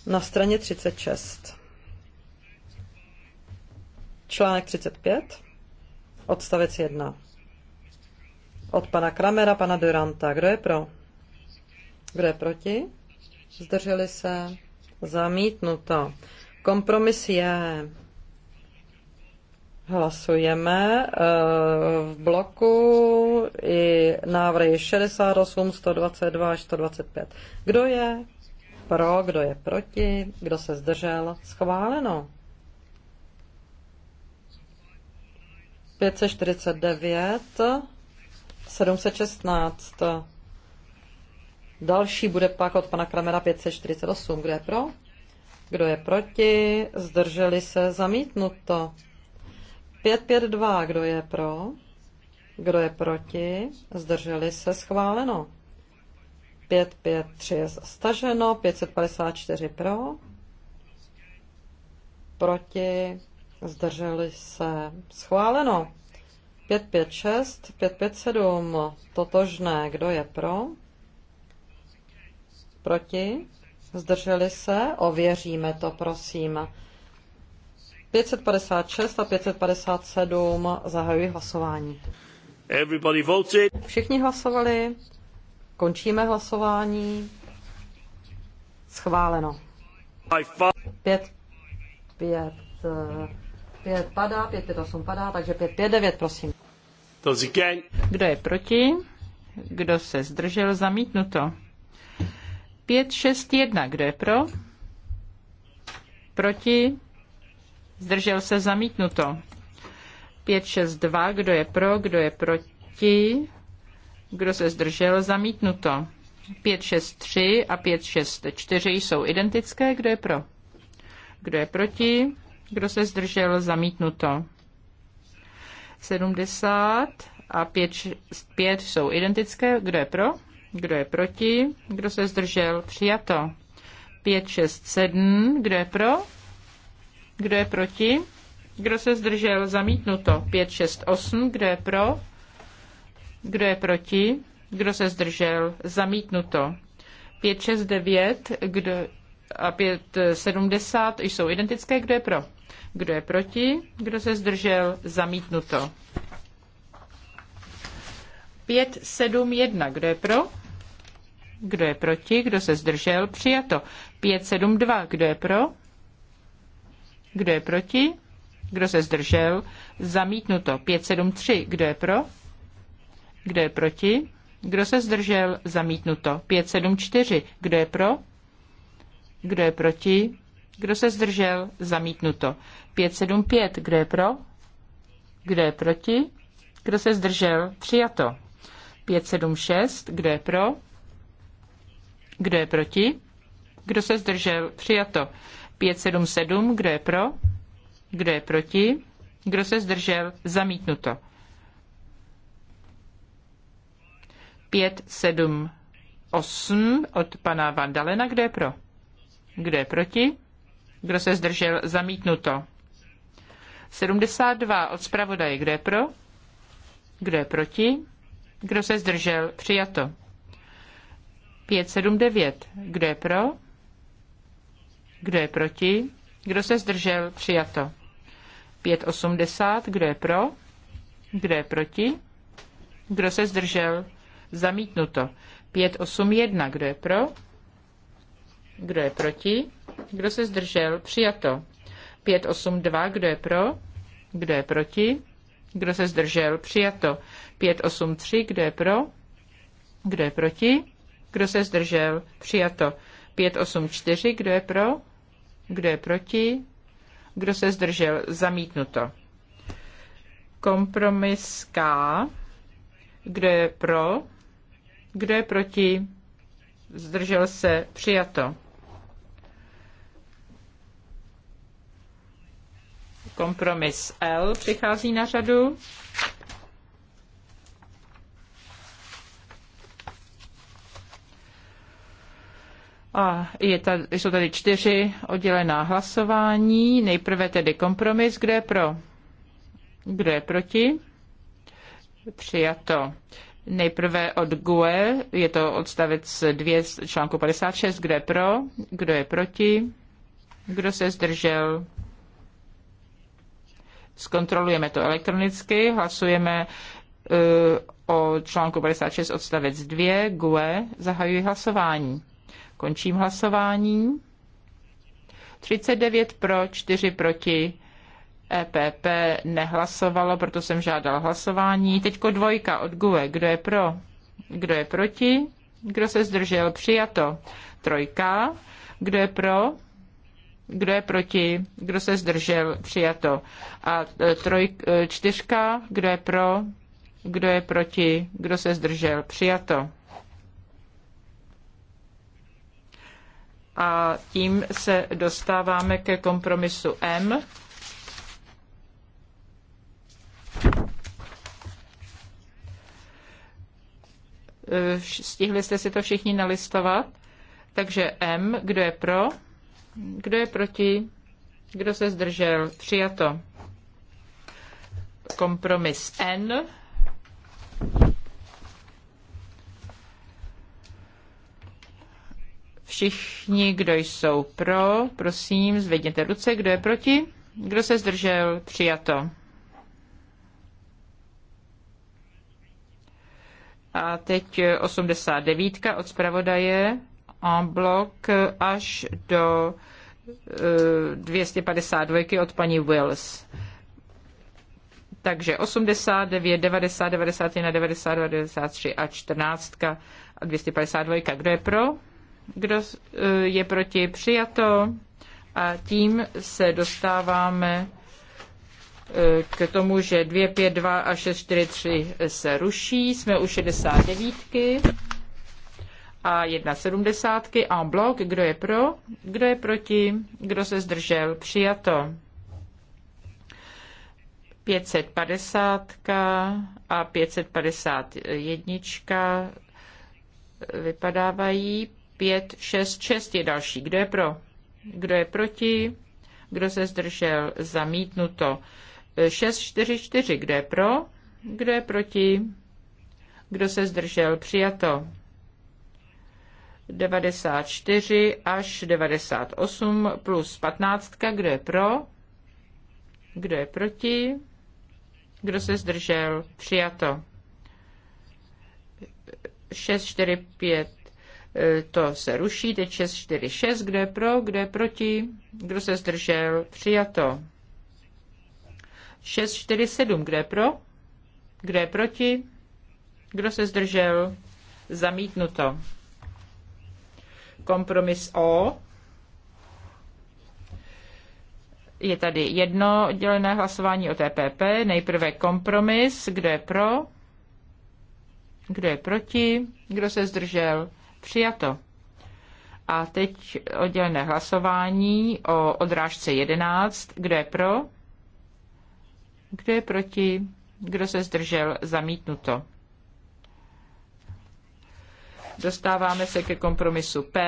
na straně třicet šest. Článek pět. odstavec jedna. Od pana Kramera, pana Duranta. Kdo je pro? Kdo je proti? Zdrželi se? Zamítnuto. Kompromis je. Hlasujeme eh, v bloku i návrhy 68, 122 až 125. Kdo je pro, kdo je proti, kdo se zdržel? Schváleno. 549 716. Další bude pak od pana Kramera 548. Kdo je pro? Kdo je proti? Zdrželi se? Zamítnuto. 552. Kdo je pro? Kdo je proti? Zdrželi se? Schváleno. 553 je staženo. 554 pro. Proti? Zdrželi se? Schváleno. 556, 557, totožné, kdo je pro? Proti? Zdrželi se? Ověříme to, prosím. 556 a 557 zahajuji hlasování. Everybody voted. Všichni hlasovali. Končíme hlasování. Schváleno. 5, 5, 5 padá, 5, 5, 8 padá, takže 5, 5, 9, prosím. To říkají. Kdo je proti? Kdo se zdržel? Zamítnuto. 5, 6, 1. Kdo je pro? Proti? Zdržel se? Zamítnuto. 5, 6, 2. Kdo je pro? Kdo je proti? Kdo se zdržel? Zamítnuto. 5, 6, 3 a 5, 6, 4 jsou identické. Kdo je pro? Kdo je proti? Kdo se zdržel? Zamítnuto. 70 a 5, 5 jsou identické. Kdo je pro? Kdo je proti? Kdo se zdržel? Přijato. 5, 6, 7. Kdo je pro? Kdo je proti? Kdo se zdržel? Zamítnuto. 5, 6, 8. Kdo je pro? Kdo je proti? Kdo se zdržel? Zamítnuto. 5, 6, 9 kdo, a 5, 70 jsou identické. Kdo je pro? Kdo je proti? Kdo se zdržel? Zamítnuto. 1. Kdo je pro? Kdo je proti? Kdo se zdržel? Přijato. 2. Kdo je pro? Kdo je proti? Kdo se zdržel? Zamítnuto. 3. Kdo je pro? Kdo je proti? Kdo se zdržel? Zamítnuto. 4. Kdo je pro? Kdo je proti? Kdo se zdržel? Zamítnuto. 575. Kdo je pro? Kdo je proti? Kdo se zdržel? Přijato. 576. Kdo je pro? Kdo je proti? Kdo se zdržel? Přijato. 577. Kdo je pro? Kdo je proti? Kdo se zdržel? Zamítnuto. 578 od pana Vandalena. Kdo je pro? Kdo je proti? Kdo se zdržel? Zamítnuto. 72 od zpravodaje. Kdo je pro? Kdo je proti? Kdo se zdržel? Přijato. 579. Kdo je pro? Kdo je proti? Kdo se zdržel? Přijato. 580. Kdo je pro? Kdo je proti? Kdo se zdržel? Zamítnuto. 581. Kdo je pro? Kdo je proti? Kdo se zdržel? Přijato. 582. Kdo je pro? Kdo je proti? Kdo se zdržel? Přijato. 583. Kdo je pro? Kdo je proti? Kdo se zdržel? Přijato. 584. Kdo je pro? Kdo je proti? Kdo se zdržel? Zamítnuto. Kompromis K. Kdo je pro? Kdo je proti? Zdržel se? Přijato. Kompromis L přichází na řadu. A je jsou tady čtyři oddělená hlasování. Nejprve tedy kompromis, kde je pro, kde je proti. Přijato. Nejprve od GUE, je to odstavec 2 z článku 56, kdo je pro, kdo je proti, kdo se zdržel, Zkontrolujeme to elektronicky, hlasujeme e, o článku 56 odstavec 2, GUE, zahajuji hlasování. Končím hlasování. 39 pro, 4 proti, EPP nehlasovalo, proto jsem žádal hlasování. Teďko dvojka od GUE, kdo je pro, kdo je proti, kdo se zdržel, přijato. Trojka, kdo je pro, kdo je proti? Kdo se zdržel? Přijato. A e, troj, e, čtyřka, kdo je pro? Kdo je proti? Kdo se zdržel? Přijato. A tím se dostáváme ke kompromisu M. E, stihli jste si to všichni nalistovat? Takže M, kdo je pro? Kdo je proti? Kdo se zdržel? Přijato. Kompromis N. Všichni, kdo jsou pro, prosím, zvedněte ruce. Kdo je proti? Kdo se zdržel? Přijato. A teď 89 od zpravodaje en bloc až do 252 eh, od paní Wills. Takže 89, 90, 91, 92, 93 a 14 a 252. Kdo je pro? Kdo eh, je proti? Přijato. A tím se dostáváme eh, k tomu, že 252 a 643 se ruší. Jsme u 69 a 1,70 en bloc. Kdo je pro? Kdo je proti? Kdo se zdržel? Přijato. 550 a 551 vypadávají. pět šest šest je další. Kdo je pro? Kdo je proti? Kdo se zdržel? Zamítnuto. šest čtyři čtyři. Kdo je pro? Kdo je proti? Kdo se zdržel? Přijato. 94 až 98 plus 15. Kdo je pro? Kdo je proti? Kdo se zdržel? Přijato. 6, 4, 5, to se ruší, teď 6, 4, 6, kdo je pro, kdo je proti, kdo se zdržel, přijato. 6, 4, 7, kdo je pro, kdo je proti, kdo se zdržel, zamítnuto. Kompromis O. Je tady jedno dělené hlasování o TPP. Nejprve kompromis. Kdo je pro? Kdo je proti? Kdo se zdržel? Přijato. A teď oddělené hlasování o odrážce 11. Kdo je pro? Kdo je proti? Kdo se zdržel? Zamítnuto. Dostáváme se ke kompromisu P.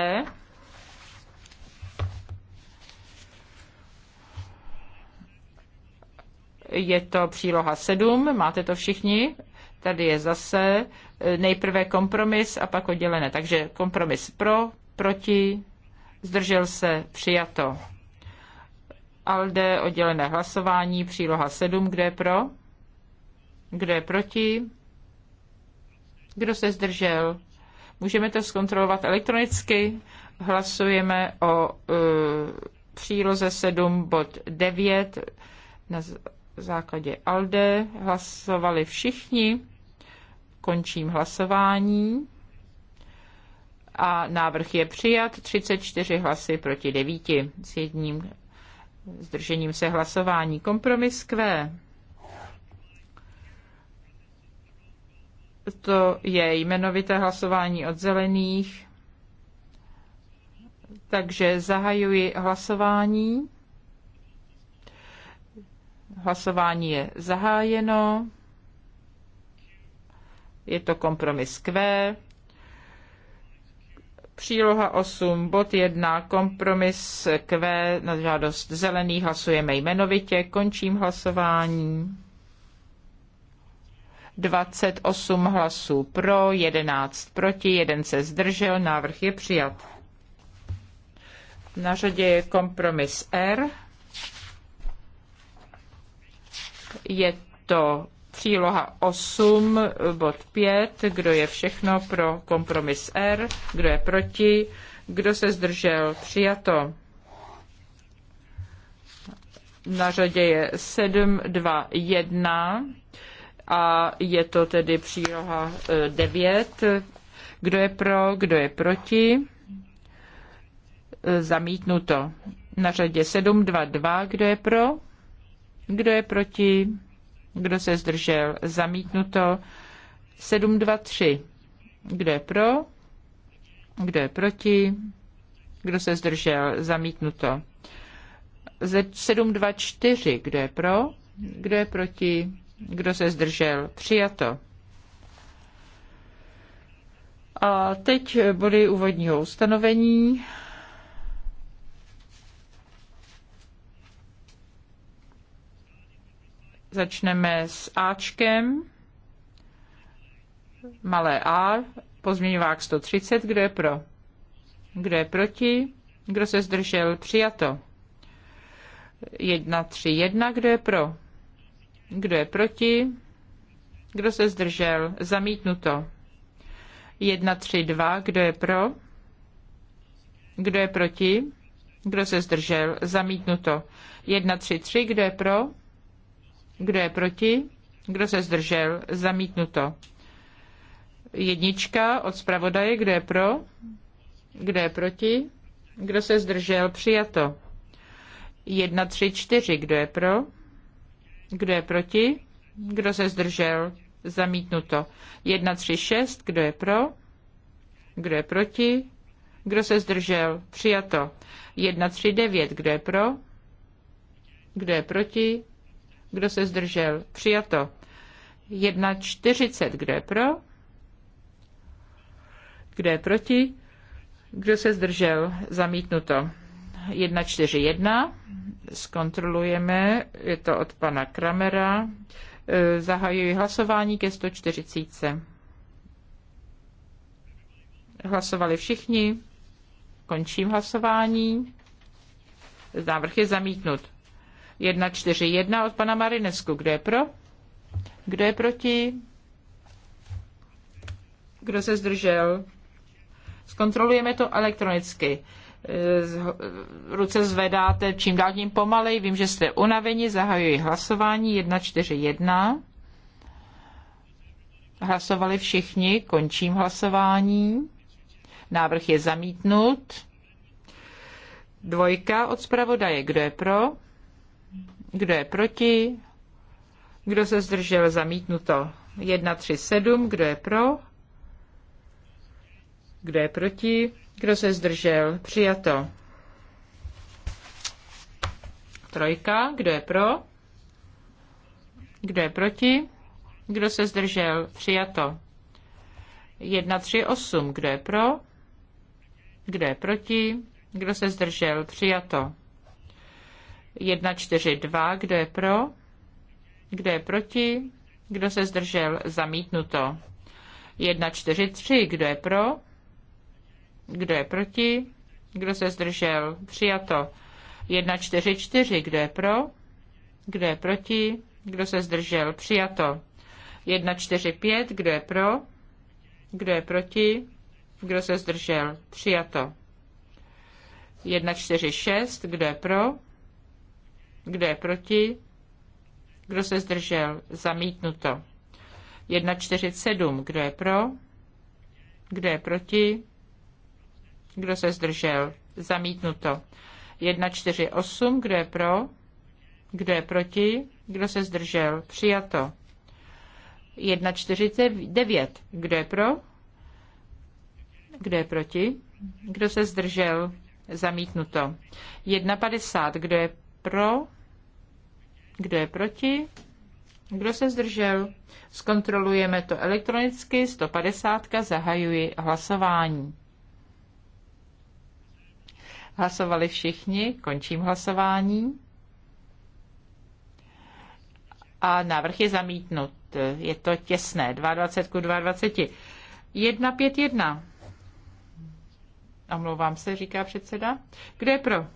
Je to příloha 7, máte to všichni. Tady je zase eh, nejprve kompromis a pak oddělené. Takže kompromis pro, proti, zdržel se, přijato. ALDE oddělené hlasování, příloha 7, kde je pro, kde je proti, kdo se zdržel, Můžeme to zkontrolovat elektronicky. Hlasujeme o e, příloze 7 bod 9 na základě ALDE. Hlasovali všichni. Končím hlasování. A návrh je přijat 34 hlasy proti 9 s jedním zdržením se hlasování. Kompromis Q. To je jmenovité hlasování od zelených. Takže zahajuji hlasování. Hlasování je zahájeno. Je to kompromis Q. Příloha 8, bod 1, kompromis Q na žádost zelených. Hlasujeme jmenovitě. Končím hlasování. 28 hlasů pro, 11 proti, jeden se zdržel, návrh je přijat. Na řadě je kompromis R. Je to příloha 8, bod 5, kdo je všechno pro kompromis R, kdo je proti, kdo se zdržel, přijato. Na řadě je 721 a je to tedy příloha 9. E, kdo je pro, kdo je proti? E, zamítnuto. Na řadě 722. Kdo je pro? Kdo je proti? Kdo se zdržel? Zamítnuto. 723. Kdo je pro? Kdo je proti? Kdo se zdržel? Zamítnuto. 724. Kdo je pro? Kdo je proti? Kdo se zdržel? Přijato. A teď body úvodního ustanovení. Začneme s Ačkem. Malé A, pozměňovák 130, kdo je pro? Kdo je proti? Kdo se zdržel? Přijato. 1, 3, 1, kdo je pro? Kdo je proti? Kdo se zdržel? Zamítnuto. 1, 3, 2. Kdo je pro? Kdo je proti? Kdo se zdržel? Zamítnuto. 1, 3, 3. Kdo je pro? Kdo je proti? Kdo se zdržel? Zamítnuto. Jednička od zpravodaje. Kdo je pro? Kdo je proti? Kdo se zdržel? Přijato. 1, 3, 4. Kdo je pro? Kdo je proti? Kdo se zdržel? Zamítnuto. 1, 3, 6. Kdo je pro? Kdo je proti? Kdo se zdržel? Přijato. 1, 3, 9. Kdo je pro? Kdo je proti? Kdo se zdržel? Přijato. 1, 40. Kdo je pro? Kdo je proti? Kdo se zdržel? Zamítnuto. 141. Zkontrolujeme, je to od pana Kramera. E, zahajuji hlasování ke 140. Hlasovali všichni. Končím hlasování. Návrh je zamítnut. 141 od pana Marinesku. Kdo je pro? Kdo je proti? Kdo se zdržel? Zkontrolujeme to elektronicky ruce zvedáte čím dál tím pomalej. Vím, že jste unaveni, zahajuji hlasování 141. Hlasovali všichni, končím hlasování. Návrh je zamítnut. Dvojka od zpravodaje. Kdo je pro? Kdo je proti? Kdo se zdržel? Zamítnuto. 1, 3, 7. Kdo je pro? Kdo je proti? Kdo se zdržel? Přijato. Trojka. Kdo je pro? Kdo je proti? Kdo se zdržel? Přijato. 1, 3, 8. Kdo je pro? Kdo je proti? Kdo se zdržel? Přijato. 1, 4, 2. Kdo je pro? Kdo je proti? Kdo se zdržel? Zamítnuto. 1, 4, 3. Kdo je pro? Kdo je proti? Kdo se zdržel? Přijato. 4, Kdo je pro? Kdo je proti? Kdo se zdržel? Přijato. 5, Kdo je pro? Kdo je proti? Kdo se zdržel? Přijato. 6, Kdo je pro? Kdo je proti? Kdo se zdržel? Zamítnuto. 7, Kdo je pro? Kdo je proti? Kdo se zdržel? Zamítnuto. 1, 4, 8. Kdo je pro? Kdo je proti? Kdo se zdržel? Přijato. 1, 4, 9. Kdo je pro? Kdo je proti? Kdo se zdržel? Zamítnuto. 1, 50. Kdo je pro? Kdo je proti? Kdo se zdržel? Zkontrolujeme to elektronicky. 150. Zahajuji hlasování. Hlasovali všichni, končím hlasování. A návrh je zamítnut. Je to těsné, 22 ku 22. 151. Omlouvám se, říká předseda. Kdo je pro?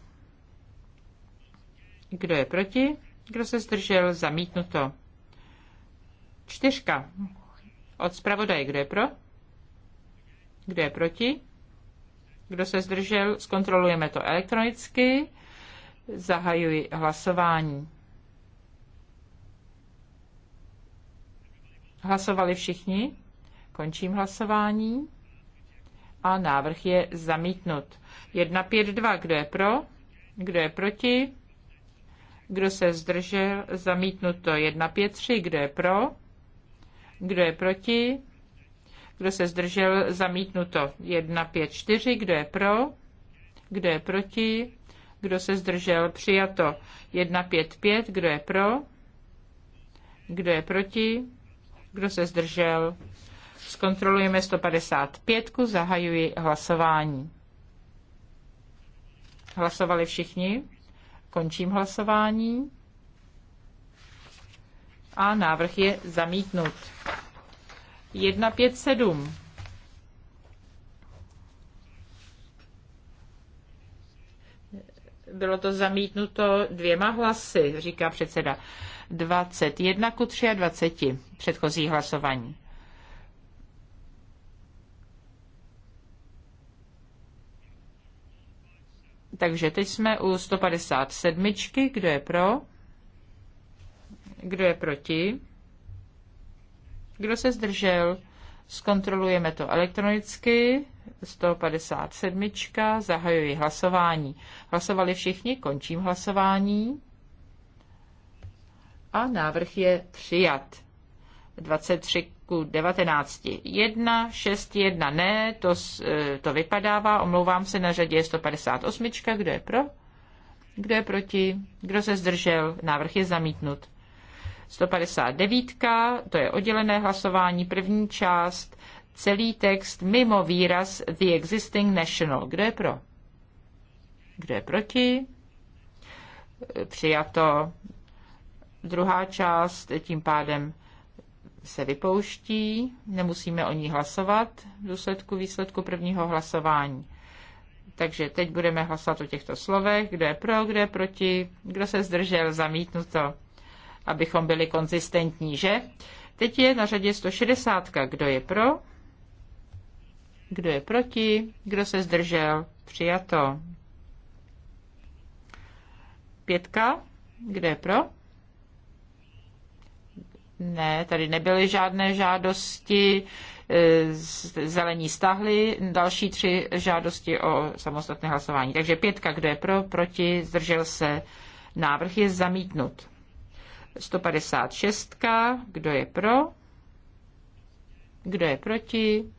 Kdo je proti? Kdo se zdržel? Zamítnuto. Čtyřka. Od zpravodaje. Kdo je pro? Kdo je proti? Kdo se zdržel? Zkontrolujeme to elektronicky. Zahajuji hlasování. Hlasovali všichni? Končím hlasování. A návrh je zamítnut. 1, 5, 2. Kdo je pro? Kdo je proti? Kdo se zdržel? Zamítnuto 1, 5, 3. Kdo je pro? Kdo je proti? Kdo se zdržel? Zamítnuto. 1, 5, 4. Kdo je pro? Kdo je proti? Kdo se zdržel? Přijato. 1, 5, 5. Kdo je pro? Kdo je proti? Kdo se zdržel? Zkontrolujeme 155. Zahajuji hlasování. Hlasovali všichni? Končím hlasování. A návrh je zamítnut. 157. Bylo to zamítnuto dvěma hlasy, říká předseda. 21 ku 23 předchozí hlasování. Takže teď jsme u 157. Kdo je pro? Kdo je proti? Kdo se zdržel? Zkontrolujeme to elektronicky. 157. Zahajuji hlasování. Hlasovali všichni, končím hlasování. A návrh je přijat. 23 ku 19. 1, 6, 1 ne, to, e, to vypadává. Omlouvám se, na řadě je 158. Kdo je pro? Kdo je proti? Kdo se zdržel? Návrh je zamítnut. 159, to je oddělené hlasování, první část, celý text mimo výraz The Existing National. Kdo je pro? Kdo je proti? Přijato. Druhá část tím pádem se vypouští, nemusíme o ní hlasovat v důsledku výsledku prvního hlasování. Takže teď budeme hlasovat o těchto slovech, kdo je pro, kdo je proti, kdo se zdržel, zamítnuto abychom byli konzistentní, že? Teď je na řadě 160. Kdo je pro? Kdo je proti? Kdo se zdržel? Přijato. Pětka. Kdo je pro? Ne, tady nebyly žádné žádosti. E, zelení stahli další tři žádosti o samostatné hlasování. Takže pětka, kdo je pro, proti, zdržel se. Návrh je zamítnut. 156. Kdo je pro? Kdo je proti?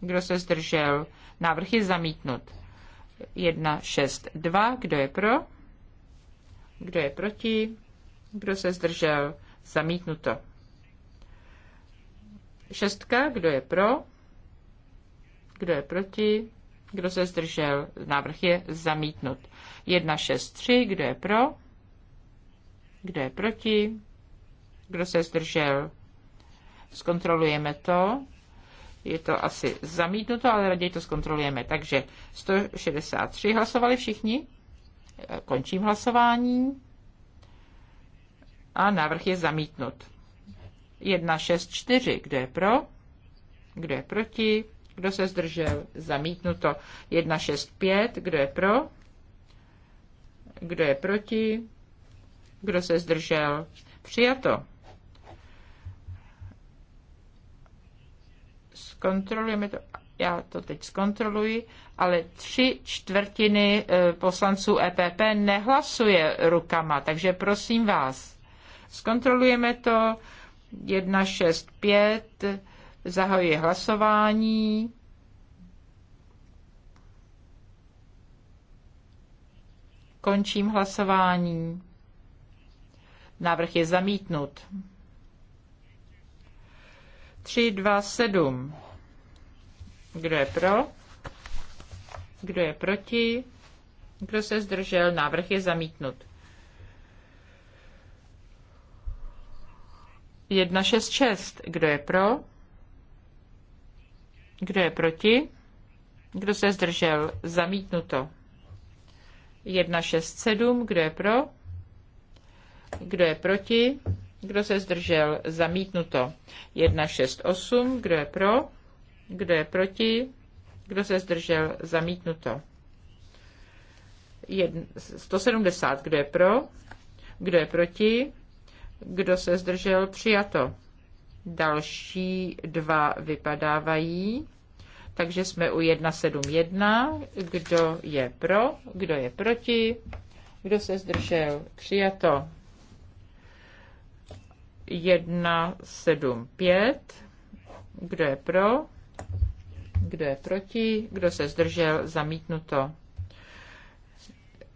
Kdo se zdržel? Návrh je zamítnut. 162. Kdo je pro? Kdo je proti? Kdo se zdržel? Zamítnuto. Šestka. Kdo je pro? Kdo je proti? Kdo se zdržel? Návrh je zamítnut. 163. Kdo je pro? Kdo je proti? Kdo se zdržel? Zkontrolujeme to. Je to asi zamítnuto, ale raději to zkontrolujeme. Takže 163 hlasovali všichni. Končím hlasování. A návrh je zamítnut. 164. Kdo je pro? Kdo je proti? Kdo se zdržel? Zamítnuto. 165. Kdo je pro? Kdo je proti? Kdo se zdržel? Přijato. Zkontrolujeme to. Já to teď zkontroluji, ale tři čtvrtiny eh, poslanců EPP nehlasuje rukama, takže prosím vás, zkontrolujeme to. 5, zahajuji hlasování. Končím hlasování. Návrh je zamítnut. 3, 2, 7. Kdo je pro? Kdo je proti? Kdo se zdržel? Návrh je zamítnut. 1, 6, 6. Kdo je pro? Kdo je proti? Kdo se zdržel? Zamítnuto. 1, 6, 7. Kdo je pro? Kdo je proti? Kdo se zdržel? Zamítnuto. 168. Kdo je pro? Kdo je proti? Kdo se zdržel? Zamítnuto. 170. Kdo je pro? Kdo je proti? Kdo se zdržel? Přijato. Další dva vypadávají. Takže jsme u 171. Kdo je pro? Kdo je proti? Kdo se zdržel? Přijato. 175. Kdo je pro? Kdo je proti? Kdo se zdržel? Zamítnuto.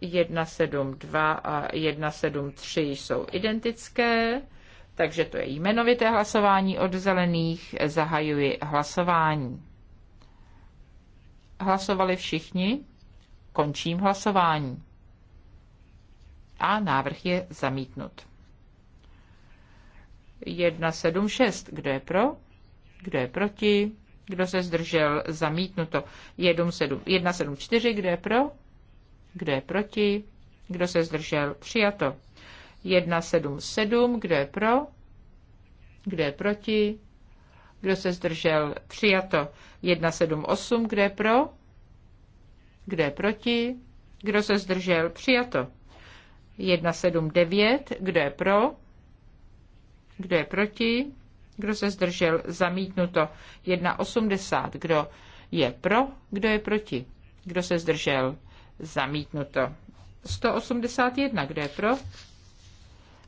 172 a 173 jsou identické, takže to je jmenovité hlasování od zelených. Zahajuji hlasování. Hlasovali všichni? Končím hlasování. A návrh je zamítnut. 176. Kdo je pro? Kdo je proti? Kdo se zdržel? Zamítnuto. 174. Kdo je pro? Kdo je proti? Kdo se zdržel? Přijato. 177. Kdo je pro? Kdo je proti? Kdo se zdržel? Přijato. 178. Kdo je pro? Kdo je proti? Kdo se zdržel? Přijato. 179. Kdo je pro? Kdo je proti? Kdo se zdržel? Zamítnuto. 1,80. Kdo je pro? Kdo je proti? Kdo se zdržel? Zamítnuto. 181. Kdo je pro?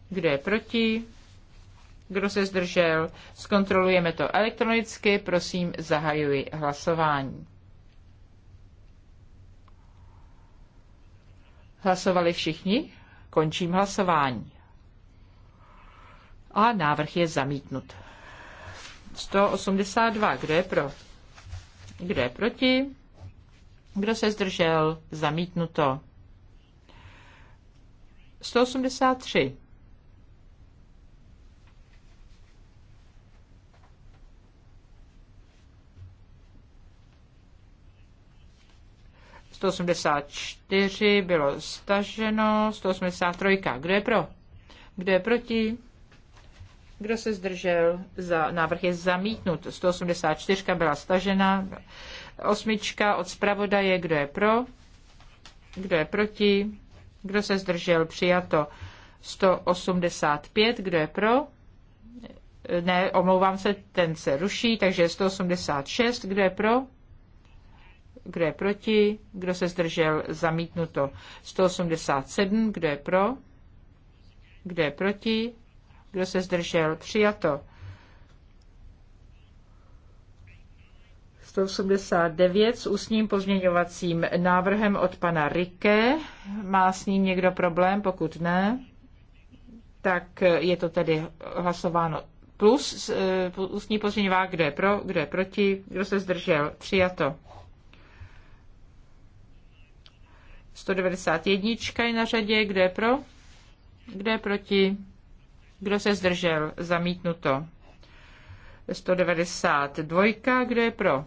Kdo je proti? Kdo se zdržel? Zkontrolujeme to elektronicky. Prosím, zahajuji hlasování. Hlasovali všichni? Končím hlasování. A návrh je zamítnut. 182. Kdo je pro? Kdo je proti? Kdo se zdržel? Zamítnuto. 183. čtyři bylo staženo, 183, Kdo je pro? Kdo je proti? Kdo se zdržel? Za, návrh je zamítnut. 184 byla stažena. Osmička od zpravodaje. Kdo je pro? Kdo je proti? Kdo se zdržel? Přijato. 185. Kdo je pro? Ne, omlouvám se, ten se ruší, takže 186. Kdo je pro? Kdo je proti? Kdo se zdržel? Zamítnuto. 187. Kdo je pro? Kdo je proti? Kdo se zdržel? Přijato. 189 s ústním pozměňovacím návrhem od pana Rike. Má s ním někdo problém? Pokud ne, tak je to tedy hlasováno plus eh, ústní pozměňovák, kdo je pro, kdo je proti, kdo se zdržel, přijato. 191 je na řadě, kdo je pro, kdo je proti, kdo se zdržel? Zamítnuto. 192. Kdo je pro?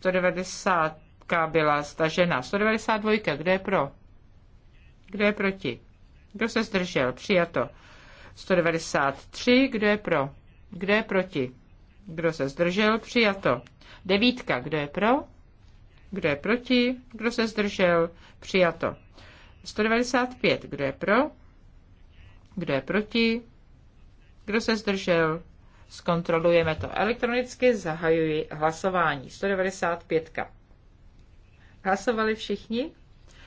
190 byla stažena. 192. Kdo je pro? Kdo je proti? Kdo se zdržel? Přijato. 193. Kdo je pro? Kdo je proti? Kdo se zdržel? Přijato. Devítka. Kdo je pro? Kdo je proti? Kdo se zdržel? Přijato. 195. Kdo je pro? Kdo je proti? Kdo se zdržel? Zkontrolujeme to elektronicky, zahajuji hlasování. 195. Hlasovali všichni?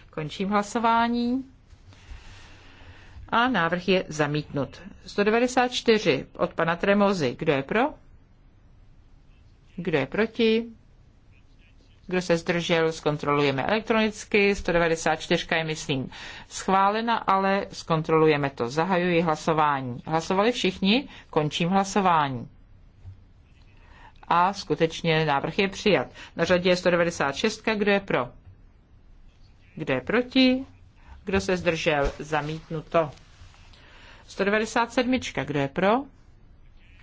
Končím hlasování. A návrh je zamítnut. 194 od pana Tremozy. Kdo je pro? Kdo je proti? kdo se zdržel, zkontrolujeme elektronicky. 194 je, myslím, schválena, ale zkontrolujeme to. Zahajuji hlasování. Hlasovali všichni? Končím hlasování. A skutečně návrh je přijat. Na řadě je 196. Kdo je pro? Kdo je proti? Kdo se zdržel? Zamítnuto. 197. Kdo je pro?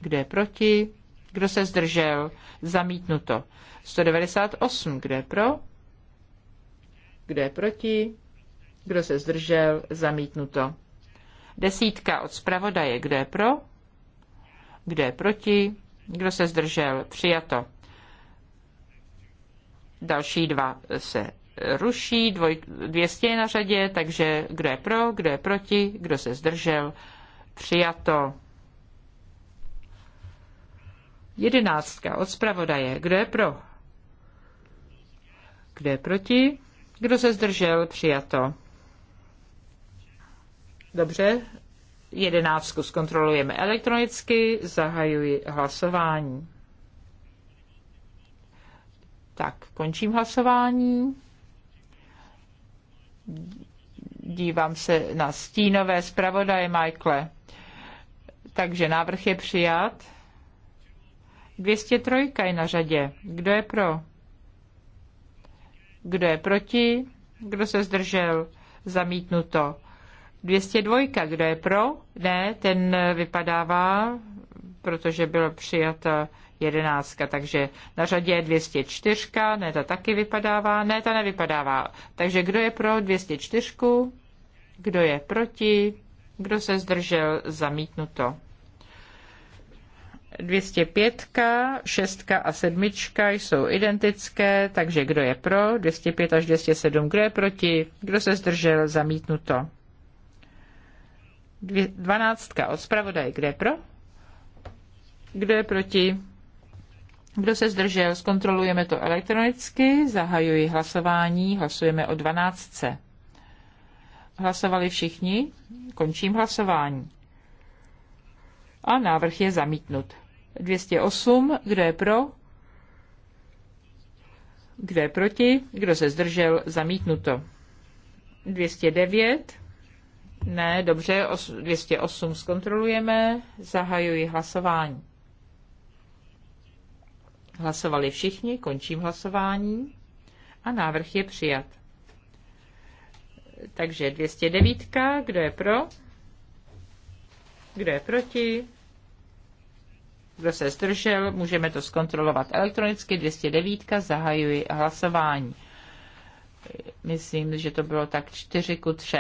Kdo je proti? Kdo se zdržel? Zamítnuto. 198. Kdo je pro? Kdo je proti? Kdo se zdržel? Zamítnuto. Desítka od zpravodaje. Kdo je pro? Kdo je proti? Kdo se zdržel? Přijato. Další dva se ruší, dvoj, 200 je na řadě, takže kdo je pro, kdo je proti, kdo se zdržel, přijato. Jedenáctka od zpravodaje, kdo je pro, kdo je proti? Kdo se zdržel? Přijato. Dobře, jedenáctku zkontrolujeme elektronicky, zahajuji hlasování. Tak, končím hlasování. Dívám se na stínové zpravodaje Michaele. Takže návrh je přijat. 203 je na řadě. Kdo je pro? Kdo je proti? Kdo se zdržel? Zamítnuto. 202. Kdo je pro? Ne, ten vypadává, protože byl přijata 11. takže na řadě je 204, ne, ta taky vypadává, ne, ta nevypadává. Takže kdo je pro 204, kdo je proti, kdo se zdržel, zamítnuto. 205, 6 a 7 jsou identické, takže kdo je pro, 205 až 207, kdo je proti, kdo se zdržel, zamítnuto. 12 od zpravodaje, kdo je pro, kdo je proti, kdo se zdržel, zkontrolujeme to elektronicky, zahajuji hlasování, hlasujeme o 12. Hlasovali všichni, končím hlasování. A návrh je zamítnut. 208, kdo je pro? Kdo je proti? Kdo se zdržel? Zamítnuto. 209. Ne, dobře, 208 zkontrolujeme. Zahajuji hlasování. Hlasovali všichni, končím hlasování a návrh je přijat. Takže 209, kdo je pro? Kdo je proti? Kdo se zdržel? Můžeme to zkontrolovat elektronicky. 209. Zahajuji hlasování. Myslím, že to bylo tak 4 ku 3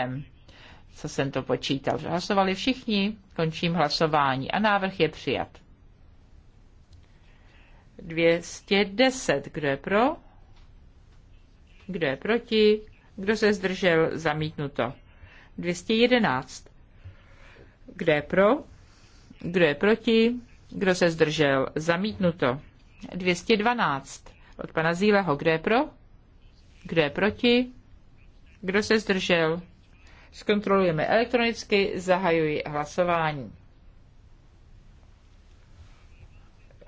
co jsem to počítal. Hlasovali všichni, končím hlasování a návrh je přijat. 210. Kdo je pro? Kdo je proti? Kdo se zdržel? Zamítnuto. 211. Kdo je pro? Kdo je proti? Kdo se zdržel? Zamítnuto. 212 od pana Zíleho. Kdo je pro? Kdo je proti? Kdo se zdržel? Zkontrolujeme elektronicky, zahajuji hlasování.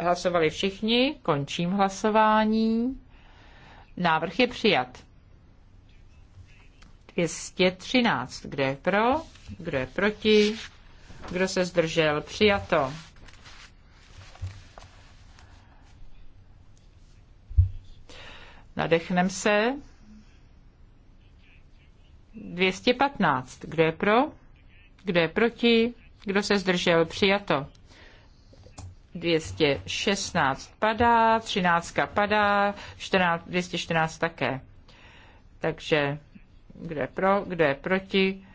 Hlasovali všichni, končím hlasování. Návrh je přijat. 213. Kdo je pro? Kdo je proti? Kdo se zdržel? Přijato. Nadechneme se. 215. Kdo je pro? Kdo je proti? Kdo se zdržel? Přijato. 216 padá, 13 padá, 14, 214 také. Takže kdo je pro, kdo je proti,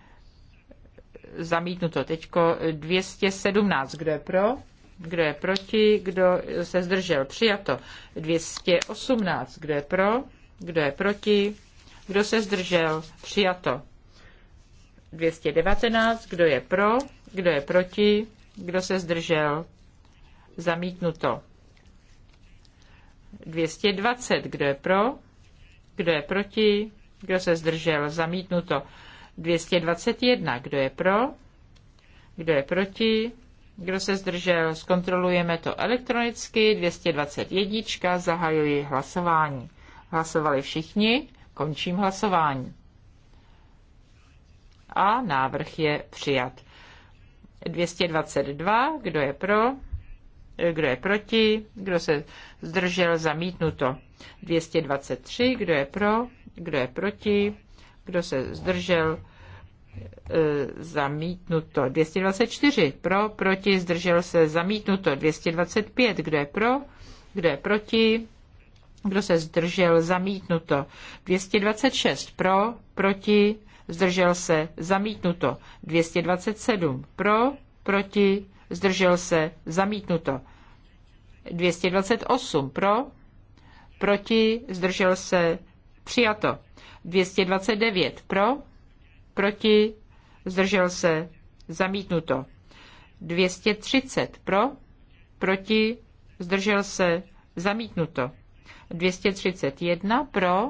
zamítnuto. Teď 217, kdo je pro, kdo je proti, kdo se zdržel, přijato. 218, kdo je pro, kdo je proti, kdo se zdržel, přijato. 219, kdo je pro, kdo je proti, kdo se zdržel, zamítnuto. 220, kdo je pro, kdo je proti, kdo se zdržel, zamítnuto. 221. Kdo je pro? Kdo je proti? Kdo se zdržel? Zkontrolujeme to elektronicky. 221. Zahajuji hlasování. Hlasovali všichni. Končím hlasování. A návrh je přijat. 222. Kdo je pro? Kdo je proti? Kdo se zdržel? Zamítnuto. 223. Kdo je pro? Kdo je proti? kdo se zdržel, e, zamítnuto. 224 pro, proti, zdržel se, zamítnuto. 225, kdo je pro, kdo je proti, kdo se zdržel, zamítnuto. 226 pro, proti, zdržel se, zamítnuto. 227 pro, proti, zdržel se, zamítnuto. 228 pro, proti, zdržel se, přijato. 229 pro, proti, zdržel se, zamítnuto. 230 pro, proti, zdržel se, zamítnuto. 231 pro,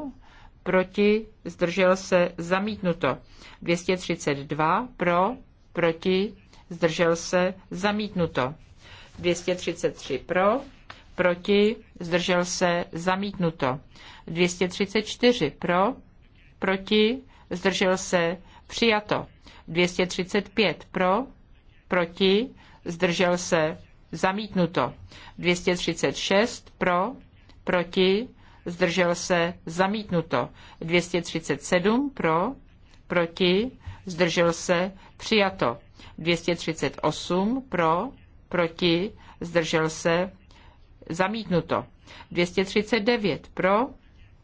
proti, zdržel se, zamítnuto. 232 pro, proti, zdržel se, zamítnuto. 233 pro, proti, zdržel se, zamítnuto. 234 pro, proti, zdržel se, přijato. 235 pro, proti, zdržel se, zamítnuto. 236 pro, proti, zdržel se, zamítnuto. 237 pro, proti, zdržel se, přijato. 238 pro, proti, zdržel se, zamítnuto. 239 pro,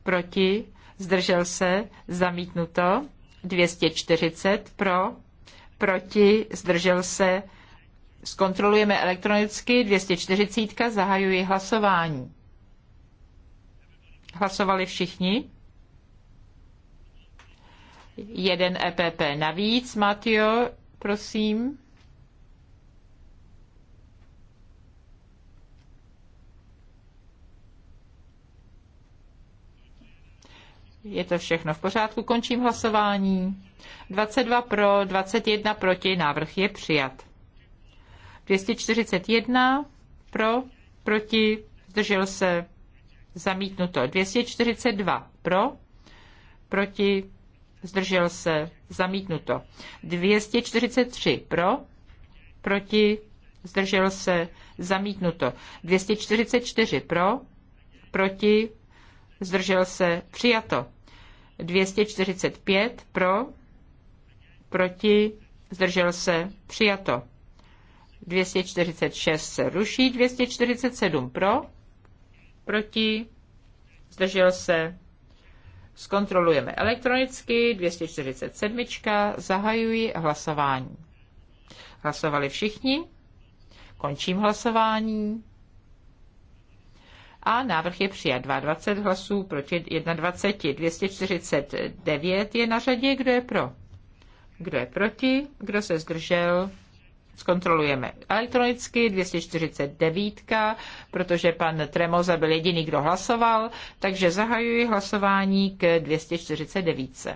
proti, zdržel se, zamítnuto, 240 pro, proti, zdržel se, zkontrolujeme elektronicky, 240, zahajuji hlasování. Hlasovali všichni? Jeden EPP navíc, Matio, prosím. Je to všechno v pořádku. Končím hlasování. 22 pro, 21 proti. Návrh je přijat. 241 pro, proti, zdržel se, zamítnuto. 242 pro, proti, zdržel se, zamítnuto. 243 pro, proti, zdržel se, zamítnuto. 244 pro, proti, zdržel se, přijato. 245 pro, proti, zdržel se, přijato. 246 se ruší, 247 pro, proti, zdržel se, zkontrolujeme elektronicky, 247, zahajuji hlasování. Hlasovali všichni, končím hlasování, a návrh je přijat 22 hlasů proti 21. 249 je na řadě, kdo je pro. Kdo je proti, kdo se zdržel, zkontrolujeme elektronicky 249, protože pan Tremoza byl jediný, kdo hlasoval, takže zahajuji hlasování k 249.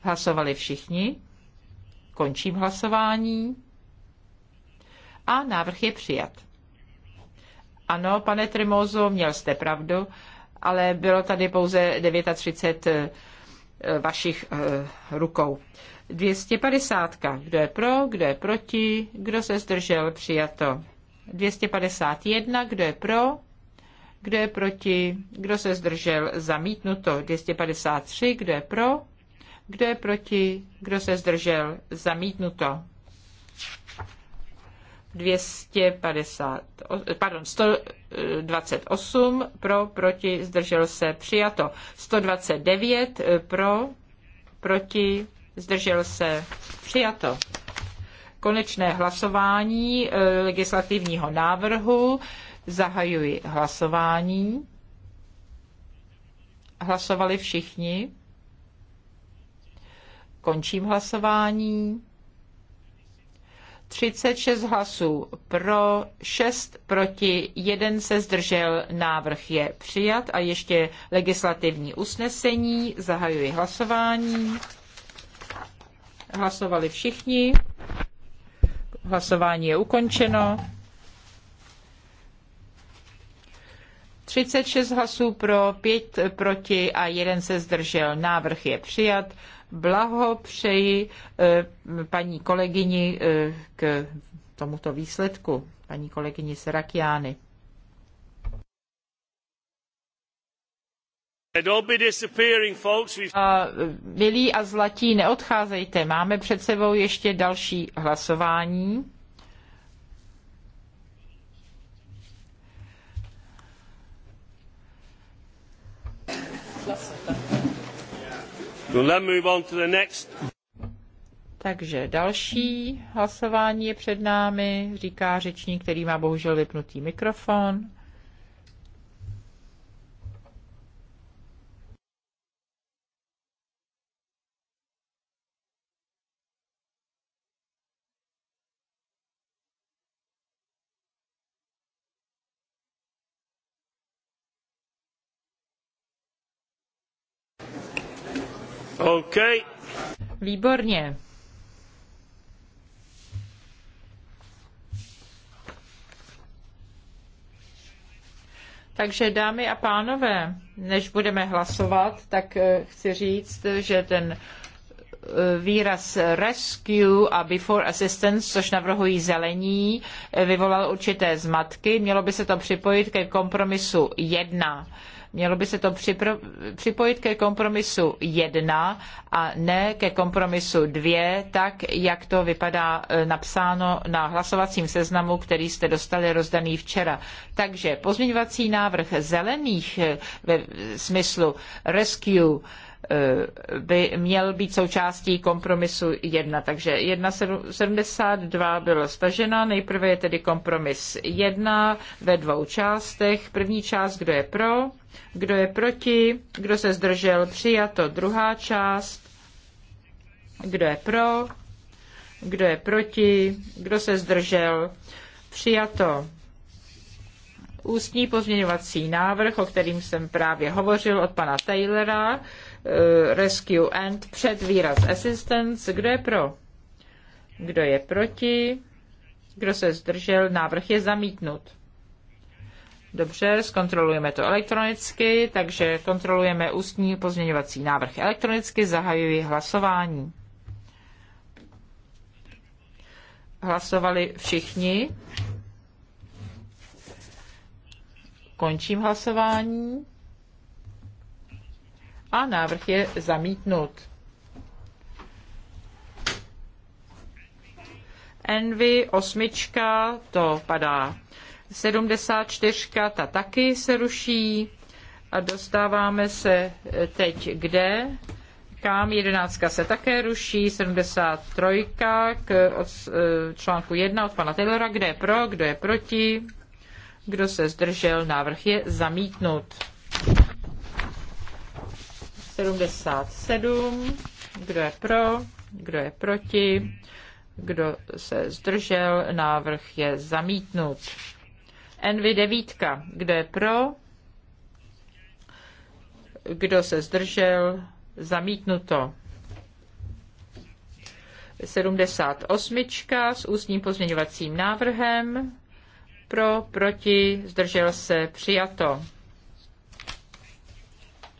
Hlasovali všichni, končím hlasování a návrh je přijat. Ano, pane Tremozo, měl jste pravdu, ale bylo tady pouze 39 eh, vašich eh, rukou. 250. Kdo je pro, kdo je proti, kdo se zdržel, přijato. 251. Kdo je pro, kdo je proti, kdo se zdržel, zamítnuto. 253. Kdo je pro, kdo je proti, kdo se zdržel, zamítnuto. 250, pardon, 128 pro, proti, zdržel se, přijato. 129 pro, proti, zdržel se, přijato. Konečné hlasování eh, legislativního návrhu. Zahajuji hlasování. Hlasovali všichni. Končím hlasování. 36 hlasů pro, 6 proti, 1 se zdržel, návrh je přijat a ještě legislativní usnesení, zahajuji hlasování. Hlasovali všichni. Hlasování je ukončeno. 36 hlasů pro, 5 proti a 1 se zdržel. Návrh je přijat. Blahopřeji eh, paní kolegyni eh, k tomuto výsledku, paní kolegyni Serakiány. A, milí a zlatí, neodcházejte. Máme před sebou ještě další hlasování. Takže další hlasování je před námi, říká řečník, který má bohužel vypnutý mikrofon. OK. Výborně. Takže dámy a pánové, než budeme hlasovat, tak eh, chci říct, že ten eh, výraz rescue a before assistance, což navrhují zelení, eh, vyvolal určité zmatky. Mělo by se to připojit ke kompromisu 1 Mělo by se to připojit ke kompromisu 1 a ne ke kompromisu 2, tak jak to vypadá e, napsáno na hlasovacím seznamu, který jste dostali rozdaný včera. Takže pozměňovací návrh zelených e, ve smyslu rescue Eh, by měl být součástí kompromisu 1. Takže 1.72 byla stažena, nejprve je tedy kompromis 1 ve dvou částech. První část, kdo je pro, kdo je proti, kdo se zdržel, přijato. Druhá část, kdo je pro, kdo je proti, kdo se zdržel, přijato ústní pozměňovací návrh, o kterým jsem právě hovořil od pana Taylora. Eh, rescue and před výraz assistance. Kdo je pro? Kdo je proti? Kdo se zdržel? Návrh je zamítnut. Dobře, zkontrolujeme to elektronicky, takže kontrolujeme ústní pozměňovací návrh elektronicky, zahajuji hlasování. Hlasovali všichni. Končím hlasování a návrh je zamítnut. Envy osmička, to padá. 74 ta taky se ruší a dostáváme se eh, teď kde? Kam 11 se také ruší, 73 k od, eh, článku 1 od pana Taylora, kde je pro, kdo je proti, kdo se zdržel, návrh je zamítnut. 77. Kdo je pro? Kdo je proti? Kdo se zdržel? Návrh je zamítnut. nv 9. Kdo je pro? Kdo se zdržel? Zamítnuto. 78. s ústním pozměňovacím návrhem. Pro, proti, zdržel se, přijato.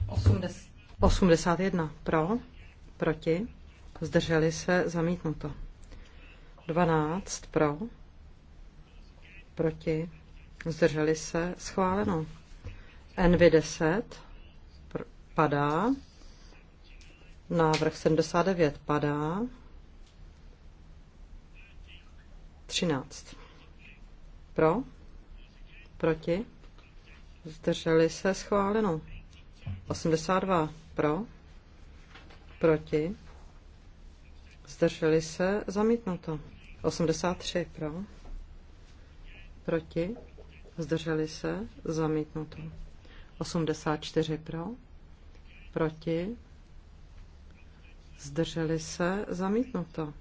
80. 81 pro, proti, zdrželi se, zamítnuto. 12 pro, proti, zdrželi se, schváleno. NV10 padá, návrh 79 padá, 13 pro, proti, zdrželi se, schváleno. 82 pro, proti, zdrželi se, zamítnuto. 83 pro, proti, zdrželi se, zamítnuto. 84 pro, proti, zdrželi se, zamítnuto.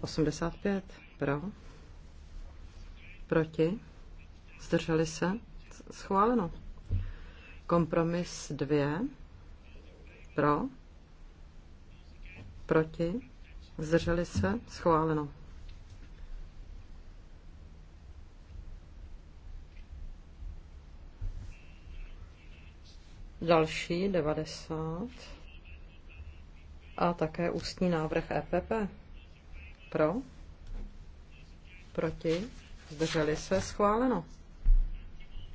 85 pro, proti, zdrželi se, schváleno. Kompromis 2 pro? Proti? Zdrželi se? Schváleno. Další 90. A také ústní návrh EPP. Pro? Proti? Zdrželi se? Schváleno.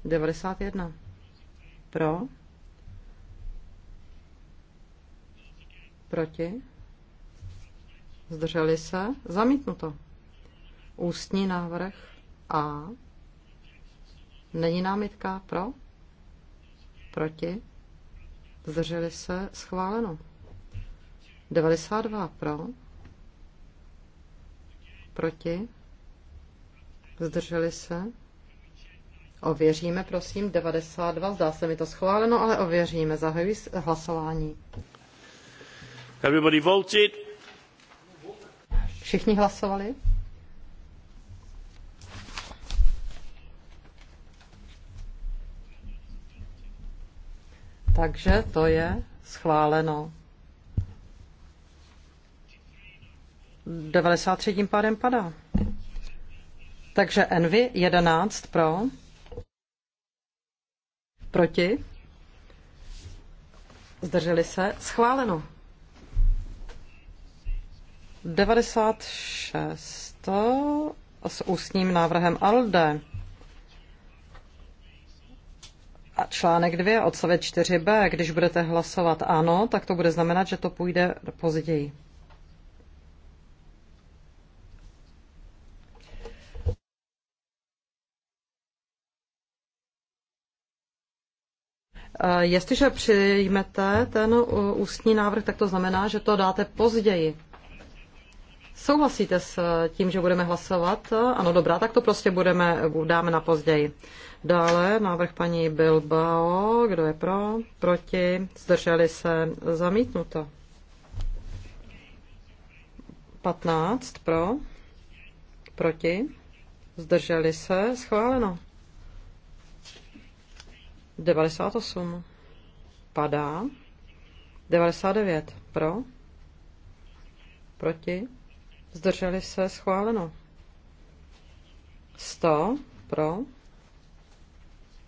91. Pro? Proti? Zdrželi se? Zamítnuto. Ústní návrh A. Není námitka pro? Proti? Zdrželi se? Schváleno. 92 pro? Proti? Zdrželi se? Ověříme, prosím, 92. Zdá se mi to schváleno, ale ověříme. Zahajuji hlasování. Everybody voted. Všichni hlasovali? Takže to je schváleno. 93 tím pádem padá. Takže Envy 11 pro. Proti. Zdrželi se. Schváleno. 96 s ústním návrhem ALDE. A článek 2, odstavec 4b, když budete hlasovat ano, tak to bude znamenat, že to půjde později. E, jestliže přijmete ten e, ústní návrh, tak to znamená, že to dáte později. Souhlasíte s tím, že budeme hlasovat? Ano, dobrá, tak to prostě budeme, dáme na později. Dále návrh paní Bilbao, kdo je pro, proti, zdrželi se, zamítnuto. 15 pro, proti, zdrželi se, schváleno. 98 padá, 99 pro, proti, zdrželi se, schváleno. 100 pro,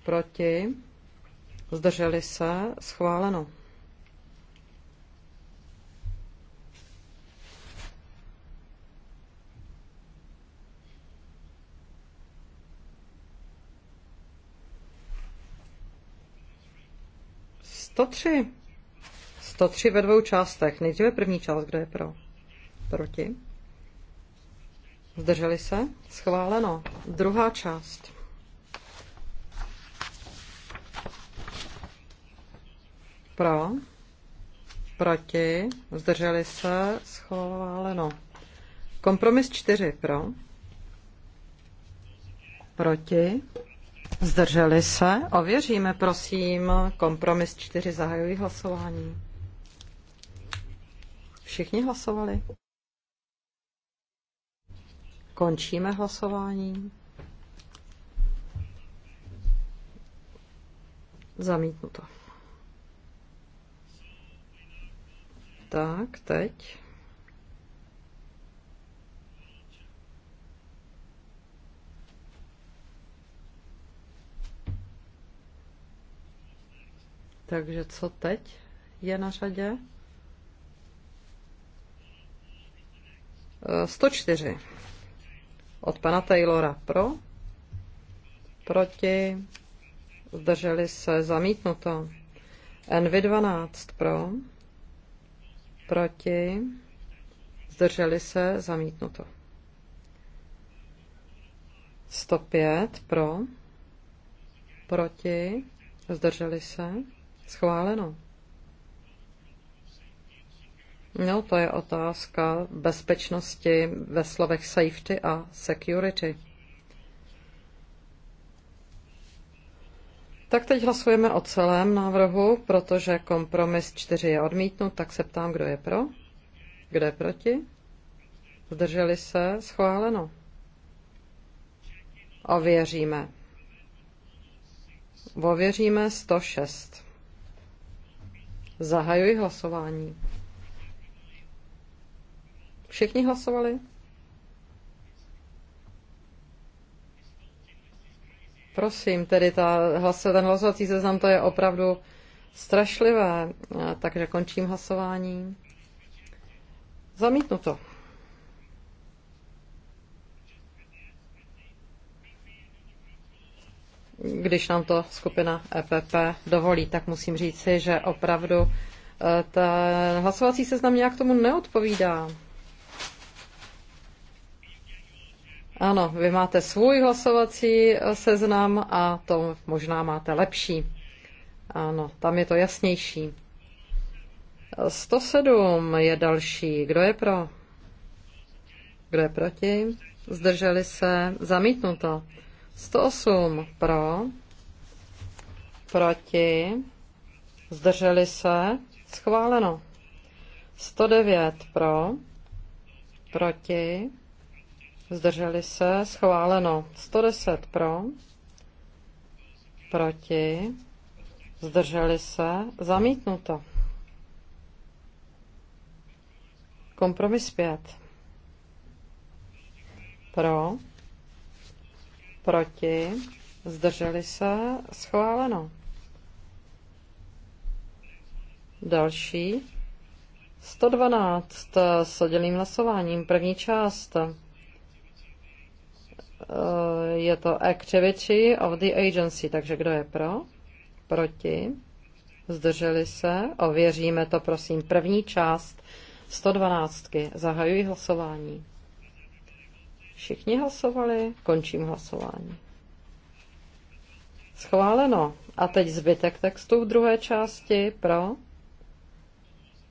proti, zdrželi se, schváleno. Sto tři. Sto tři ve dvou částech. Nejdříve první část, kdo je pro? Proti. Zdrželi se? Schváleno. Druhá část. Pro. Proti. Zdrželi se? Schváleno. Kompromis 4. Pro. Proti. Zdrželi se? Ověříme, prosím. Kompromis 4. Zahajuji hlasování. Všichni hlasovali? Končíme hlasování. Zamítnuto. Tak, teď. Takže co teď je na řadě? 104. Eh, od pana Taylora pro, proti, zdrželi se zamítnuto. NV12 pro, proti, zdrželi se zamítnuto. 105 pro, proti, zdrželi se, schváleno. No, to je otázka bezpečnosti ve slovech safety a security. Tak teď hlasujeme o celém návrhu, protože kompromis 4 je odmítnut, tak se ptám, kdo je pro, kdo je proti. Zdrželi se, schváleno. Ověříme. Ověříme 106. Zahajuji hlasování. Všichni hlasovali? Prosím, tedy ta, hlas, ten hlasovací seznam to je opravdu strašlivé. Eh, takže končím hlasování. Zamítnu to. Když nám to skupina EPP dovolí, tak musím říci, že opravdu eh, ten hlasovací seznam nějak tomu neodpovídá. Ano, vy máte svůj hlasovací eh, seznam a to možná máte lepší. Ano, tam je to jasnější. 107 je další. Kdo je pro? Kdo je proti? Zdrželi se? Zamítnuto. 108 pro, proti, zdrželi se? Schváleno. 109 pro, proti, Zdrželi se? Schváleno. 110 pro. Proti. Zdrželi se? Zamítnuto. Kompromis 5. Pro. Proti. Zdrželi se? Schváleno. Další. 112 s oddělným hlasováním. První část Eh, je to Activity of the Agency, takže kdo je pro? Proti? Zdrželi se? Ověříme to, prosím. První část 112. Zahajuji hlasování. Všichni hlasovali? Končím hlasování. Schváleno. A teď zbytek textu v druhé části. Pro?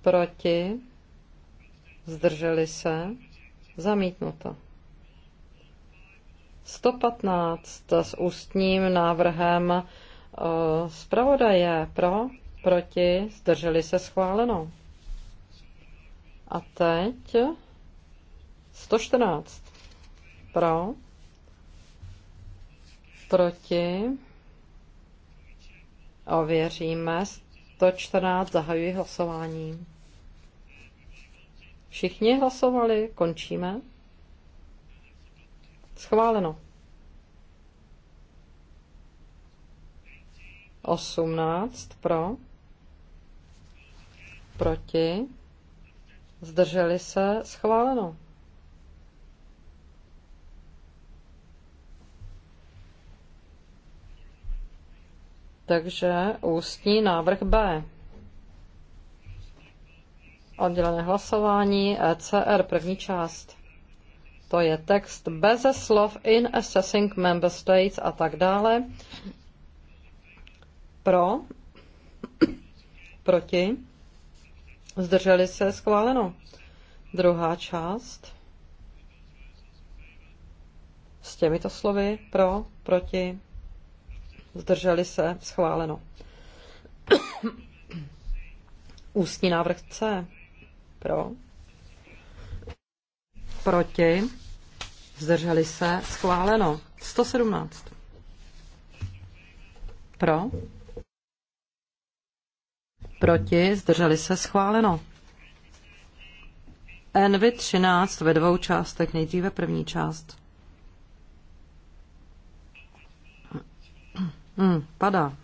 Proti? Zdrželi se? Zamítnuto. 115 s ústním návrhem eh, zpravodaje pro, proti, zdrželi se schváleno. A teď 114 pro, proti, ověříme, 114 zahajuji hlasování. Všichni hlasovali, končíme. Schváleno. 18 pro, proti, zdrželi se, schváleno. Takže ústní návrh B. Oddělené hlasování ECR, první část. To je text bez slov in assessing member states a tak dále. Pro, proti, zdrželi se, schváleno. Druhá část s těmito slovy pro, proti, zdrželi se, schváleno. Ústní návrh C. Pro proti, zdrželi se, schváleno. 117. Pro, proti, zdrželi se, schváleno. nv 13 ve dvou částech, nejdříve první část. Hmm, padá.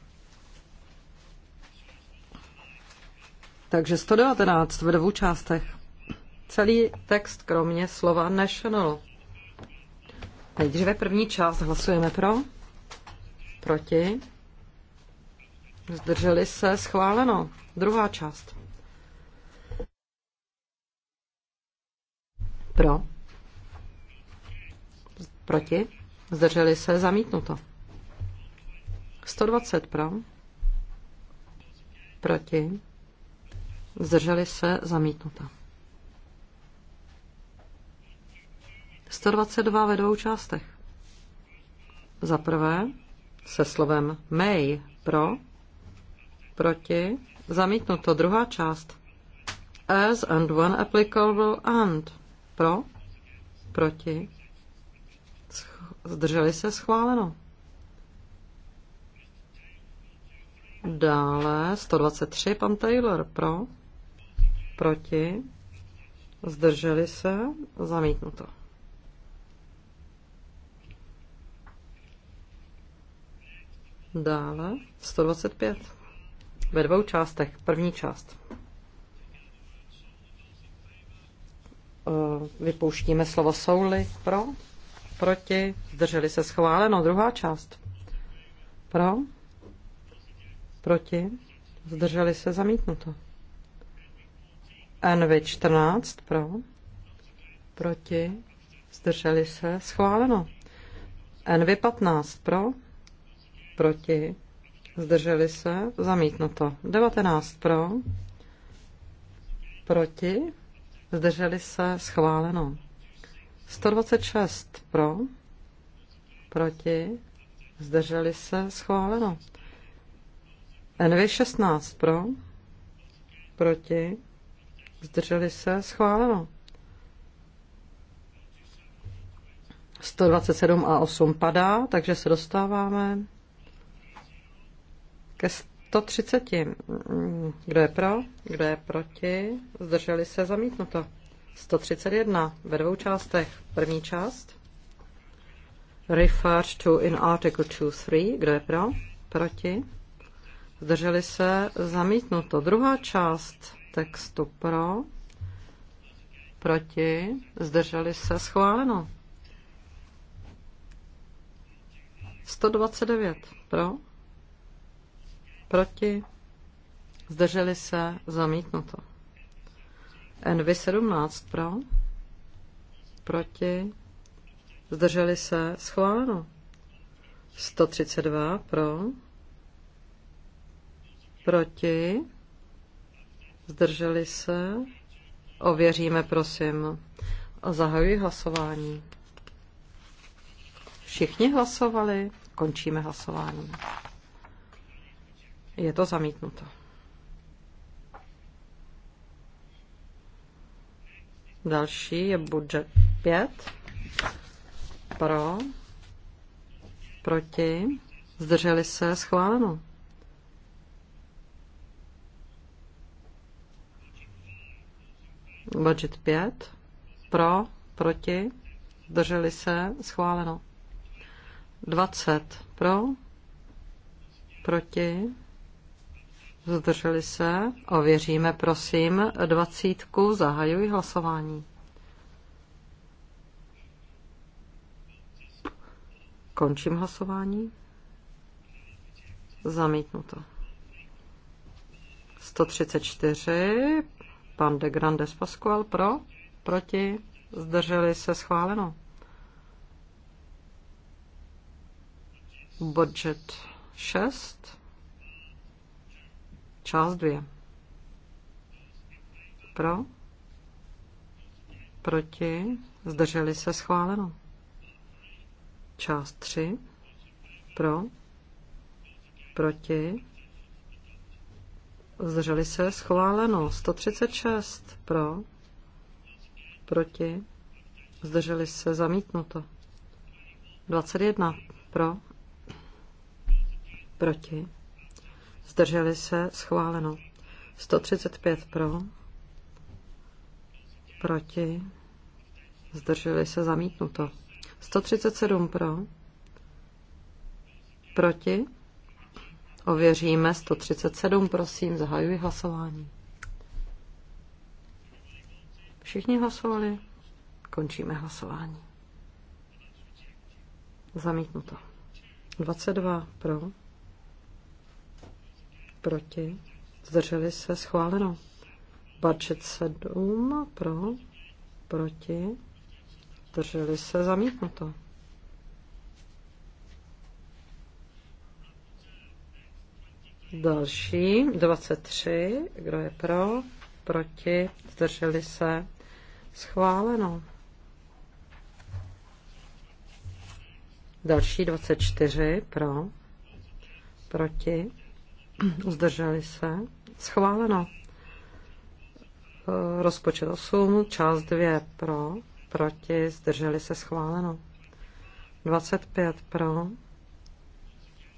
Takže 119 ve dvou částech. Celý text kromě slova national. Nejdříve první část hlasujeme pro, proti, zdrželi se, schváleno. Druhá část. Pro, proti, zdrželi se, zamítnuto. 120 pro, proti, zdrželi se, zamítnuto. 122 ve dvou částech. Za prvé se slovem may pro, proti, zamítnuto druhá část. As and one applicable and pro, proti, zdrželi se schváleno. Dále 123 pan Taylor pro, proti, zdrželi se, zamítnuto. Dále 125. Ve dvou částech. První část. Eh, vypouštíme slovo souly pro, proti, zdrželi se schváleno. Druhá část. Pro, proti, zdrželi se zamítnuto. NV14 pro, proti, zdrželi se schváleno. NV15 pro, proti, zdrželi se, zamítnuto. 19 pro, proti, zdrželi se, schváleno. 126 pro, proti, zdrželi se, schváleno. NV16 pro, proti, zdrželi se, schváleno. 127 a 8 padá, takže se dostáváme ke 130. Kdo je pro? Kdo je proti? Zdrželi se zamítnuto. 131 ve dvou částech. První část. Referred to in article 2.3. Kdo je pro? Proti? Zdrželi se zamítnuto. Druhá část textu pro. Proti? Zdrželi se schváleno. 129 pro Proti? Zdrželi se? Zamítnuto. NV17 pro? Proti? Zdrželi se? Schváleno. 132 pro? Proti? Zdrželi se? Ověříme, prosím. Zahajuji hlasování. Všichni hlasovali? Končíme hlasování. Je to zamítnuto. Další je budžet 5. Pro. Proti. Zdrželi se. Schváleno. Budget 5. Pro. Proti. Zdrželi se. Schváleno. 20. Pro. Proti. Zdrželi se? Ověříme, prosím, dvacítku. Zahajuji hlasování. Končím hlasování. Zamítnuto. 134. Pan de Grandes Pascual pro, proti, zdrželi se schváleno. Budget 6. Část dvě. Pro? Proti? Zdrželi se schváleno. Část tři. Pro? Proti? Zdrželi se schváleno. 136. Pro? Proti? Zdrželi se zamítnuto. 21. Pro? Proti? zdrželi se, schváleno. 135 pro, proti, zdrželi se, zamítnuto. 137 pro, proti, ověříme 137, prosím, zahajuji hlasování. Všichni hlasovali, končíme hlasování. Zamítnuto. 22 pro, proti, zdrželi se, schváleno. Budget 7 pro, proti, zdrželi se, zamítnuto. Další, 23, kdo je pro, proti, zdrželi se, schváleno. Další 24 pro, proti, Zdrželi se? Schváleno. E, rozpočet 8, část 2 pro, proti, zdrželi se schváleno. 25 pro,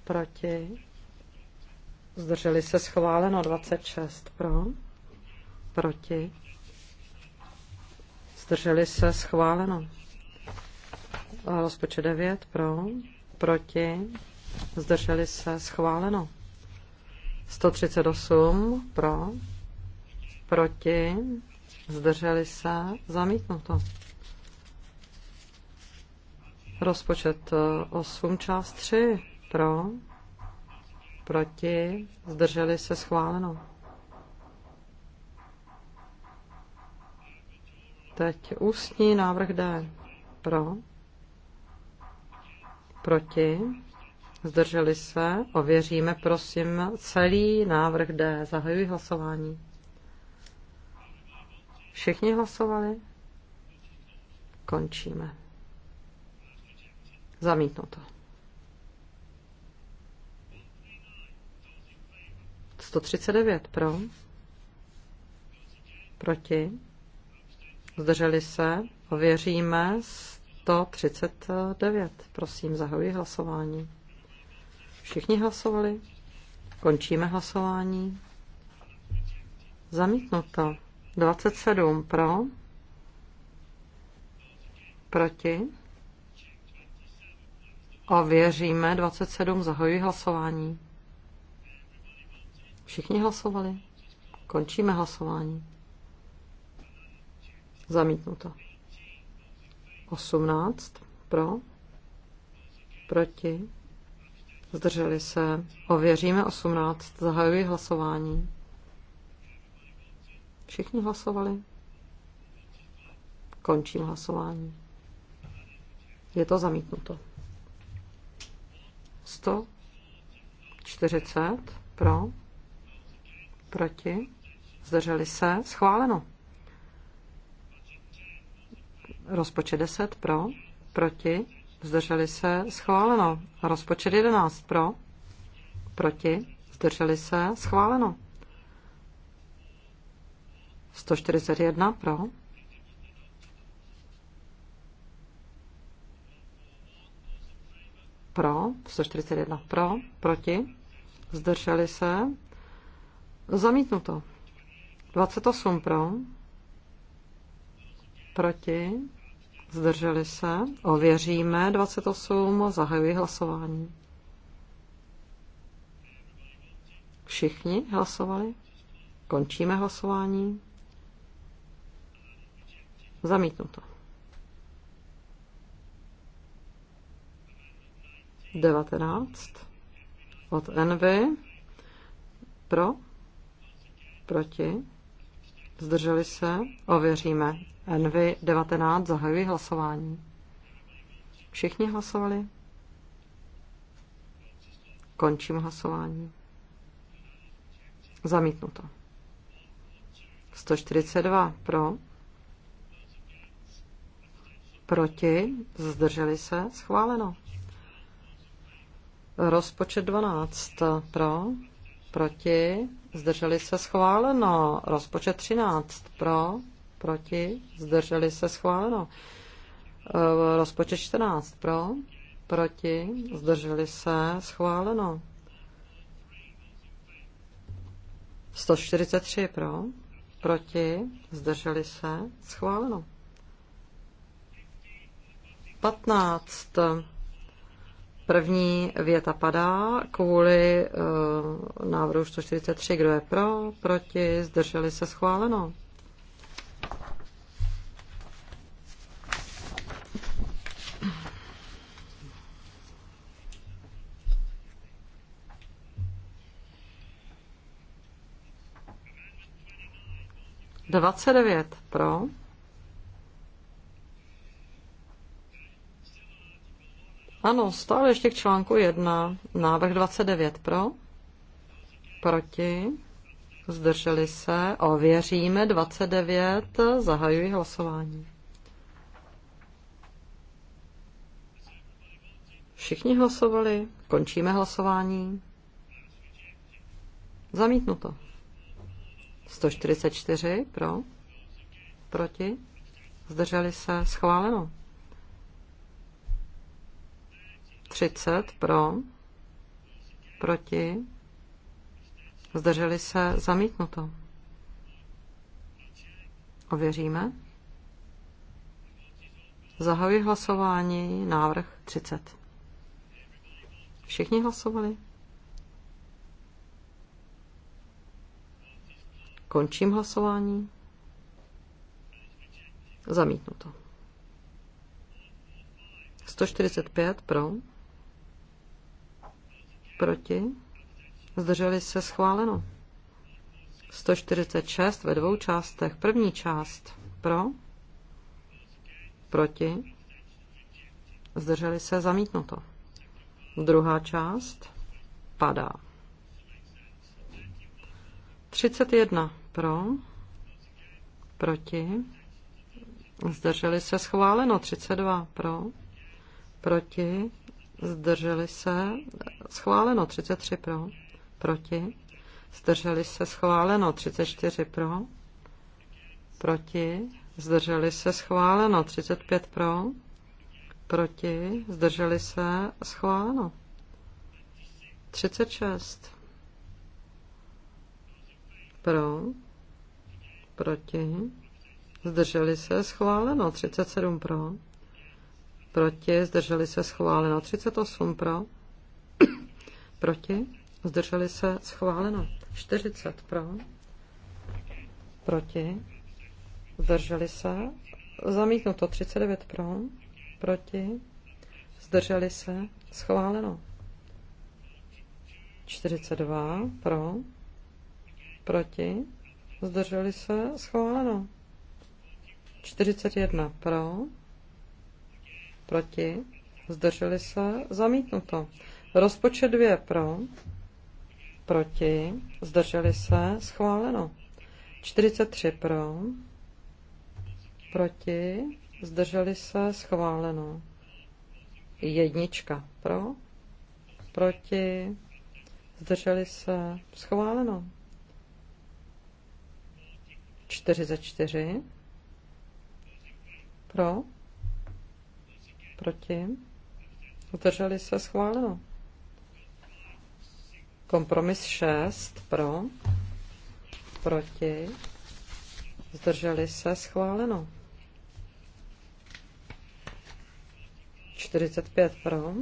proti, zdrželi se schváleno. 26 pro, proti, zdrželi se schváleno. E, rozpočet 9 pro, proti, zdrželi se schváleno. 138 pro, proti, zdrželi se, zamítnuto. Rozpočet 8 e, část 3 pro, proti, zdrželi se, schváleno. Teď ústní návrh D pro, proti, zdrželi se, ověříme, prosím, celý návrh D. Zahajuji hlasování. Všichni hlasovali? Končíme. Zamítnuto. 139 pro. Proti. Zdrželi se. Ověříme 139. Prosím, zahajuji hlasování. Všichni hlasovali? Končíme hlasování. Zamítnuto. 27 pro. Proti. věříme 27. Zahojuji hlasování. Všichni hlasovali? Končíme hlasování. Zamítnuto. 18 pro. Proti zdrželi se, ověříme 18, zahajuji hlasování. Všichni hlasovali? Končím hlasování. Je to zamítnuto. 140 pro, proti, zdrželi se, schváleno. Rozpočet 10 pro, proti, zdrželi se, schváleno. Rozpočet 11 pro, proti, zdrželi se, schváleno. 141 pro, pro, 141 pro, proti, zdrželi se, zamítnuto. 28 pro, proti, Zdrželi se? Ověříme 28. Zahajuji hlasování. Všichni hlasovali? Končíme hlasování. Zamítnuto. 19 od Envy pro, proti, Zdrželi se? Ověříme. Envy 19. Zahajuji hlasování. Všichni hlasovali? Končím hlasování. Zamítnuto. 142 pro. Proti. Zdrželi se? Schváleno. Rozpočet 12 pro. Proti zdrželi se schváleno. Rozpočet 13 pro, proti, zdrželi se schváleno. E, rozpočet 14 pro, proti, zdrželi se schváleno. 143 pro, proti, zdrželi se schváleno. 15 První věta padá kvůli uh, návrhu 143. Kdo je pro, proti, zdrželi se schváleno. Dvacet devět pro. Ano, stále ještě k článku 1. Návrh 29 pro. Proti. Zdrželi se. Ověříme 29. Zahajuji hlasování. Všichni hlasovali. Končíme hlasování. Zamítnuto. 144 pro. Proti. Zdrželi se. Schváleno. 30 pro, proti, zdrželi se, zamítnuto. Ověříme. Zahajuji hlasování, návrh 30. Všichni hlasovali? Končím hlasování. Zamítnuto. 145 pro. Proti? Zdrželi se schváleno. 146 ve dvou částech. První část pro, proti, zdrželi se zamítnuto. Druhá část padá. 31 pro, proti, zdrželi se schváleno. 32 pro, proti, zdrželi se, schváleno 33 pro, proti, zdrželi se, schváleno 34 pro, proti, zdrželi se, schváleno 35 pro, proti, zdrželi se, schváleno 36 pro, proti, zdrželi se, schváleno 37 pro, proti, zdrželi se schváleno. 38 [COUGHS] pro, proti, zdrželi se schváleno. 40 pro, proti, zdrželi se, zamítnuto 39 pro, proti, zdrželi se, schváleno. 42 pro, proti, zdrželi se, schváleno. 41 pro, proti, zdrželi se, zamítnuto. Rozpočet 2 pro, proti, zdrželi se, schváleno. 43 pro, proti, zdrželi se, schváleno. Jednička pro, proti, zdrželi se, schváleno. 44 za pro, Proti? Zdrželi se schváleno. Kompromis 6 pro. Proti? Zdrželi se schváleno. 45 pro.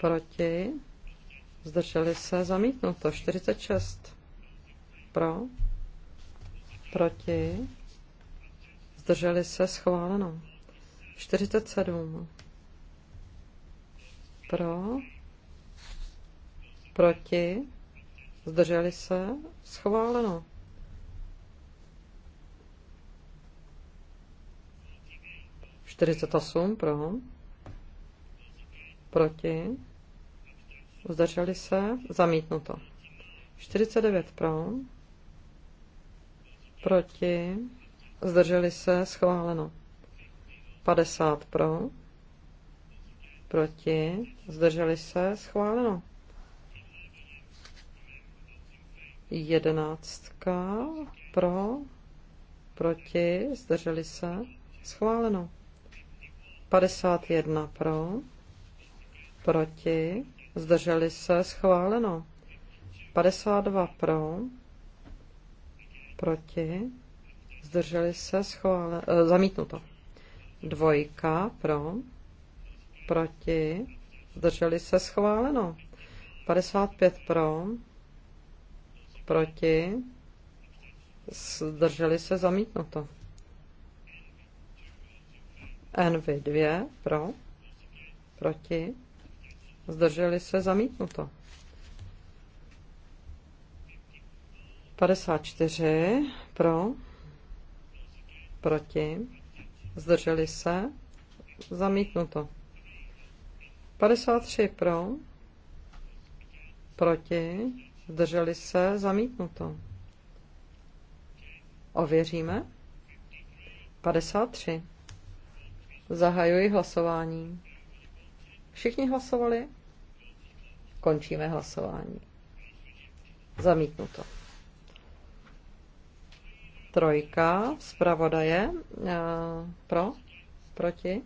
Proti? Zdrželi se zamítnuto. 46 pro. Proti? Zdrželi se schváleno. 47. Pro. Proti. Zdrželi se. Schváleno. Čtyřicet osm pro. Proti. Zdrželi se. Zamítnuto. devět pro. Proti. Zdrželi se. Schváleno. 50 pro, proti, zdrželi se, schváleno. Jedenáctka pro, proti, zdrželi se, schváleno. 51 pro, proti, zdrželi se, schváleno. 52 pro, proti, zdrželi se, schváleno. Eh, zamítnuto. Dvojka pro, proti, zdrželi se schváleno. 55 pro, proti, zdrželi se zamítnuto. Envy 2 pro, proti, zdrželi se zamítnuto. 54 pro, proti, zdrželi se, zamítnuto. 53 pro, proti, zdrželi se, zamítnuto. Ověříme. 53. Zahajuji hlasování. Všichni hlasovali? Končíme hlasování. Zamítnuto. Trojka, zpravodaje, e, pro, proti,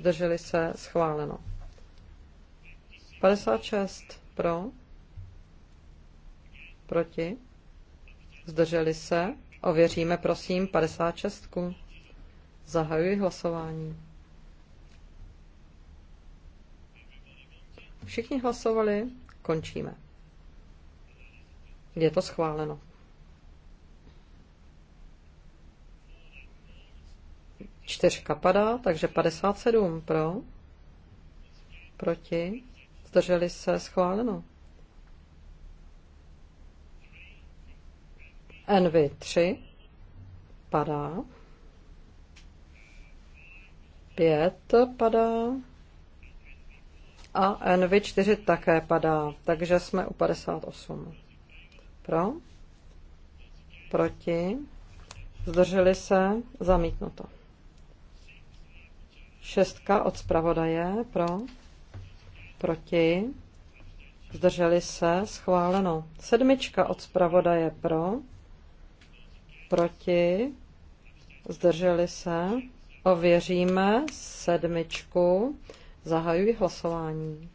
zdrželi se, schváleno. 56 pro, proti, zdrželi se, ověříme prosím 56. Zahajuji hlasování. Všichni hlasovali, končíme. Je to schváleno. Čtyřka padá, takže 57 pro, proti, zdrželi se, schváleno. NV 3 padá, 5 padá a NV 4 také padá, takže jsme u 58. Pro, proti, zdrželi se, zamítnuto. Šestka od zpravodaje pro, proti, zdrželi se, schváleno. Sedmička od zpravodaje pro, proti, zdrželi se, ověříme sedmičku, zahajuji hlasování.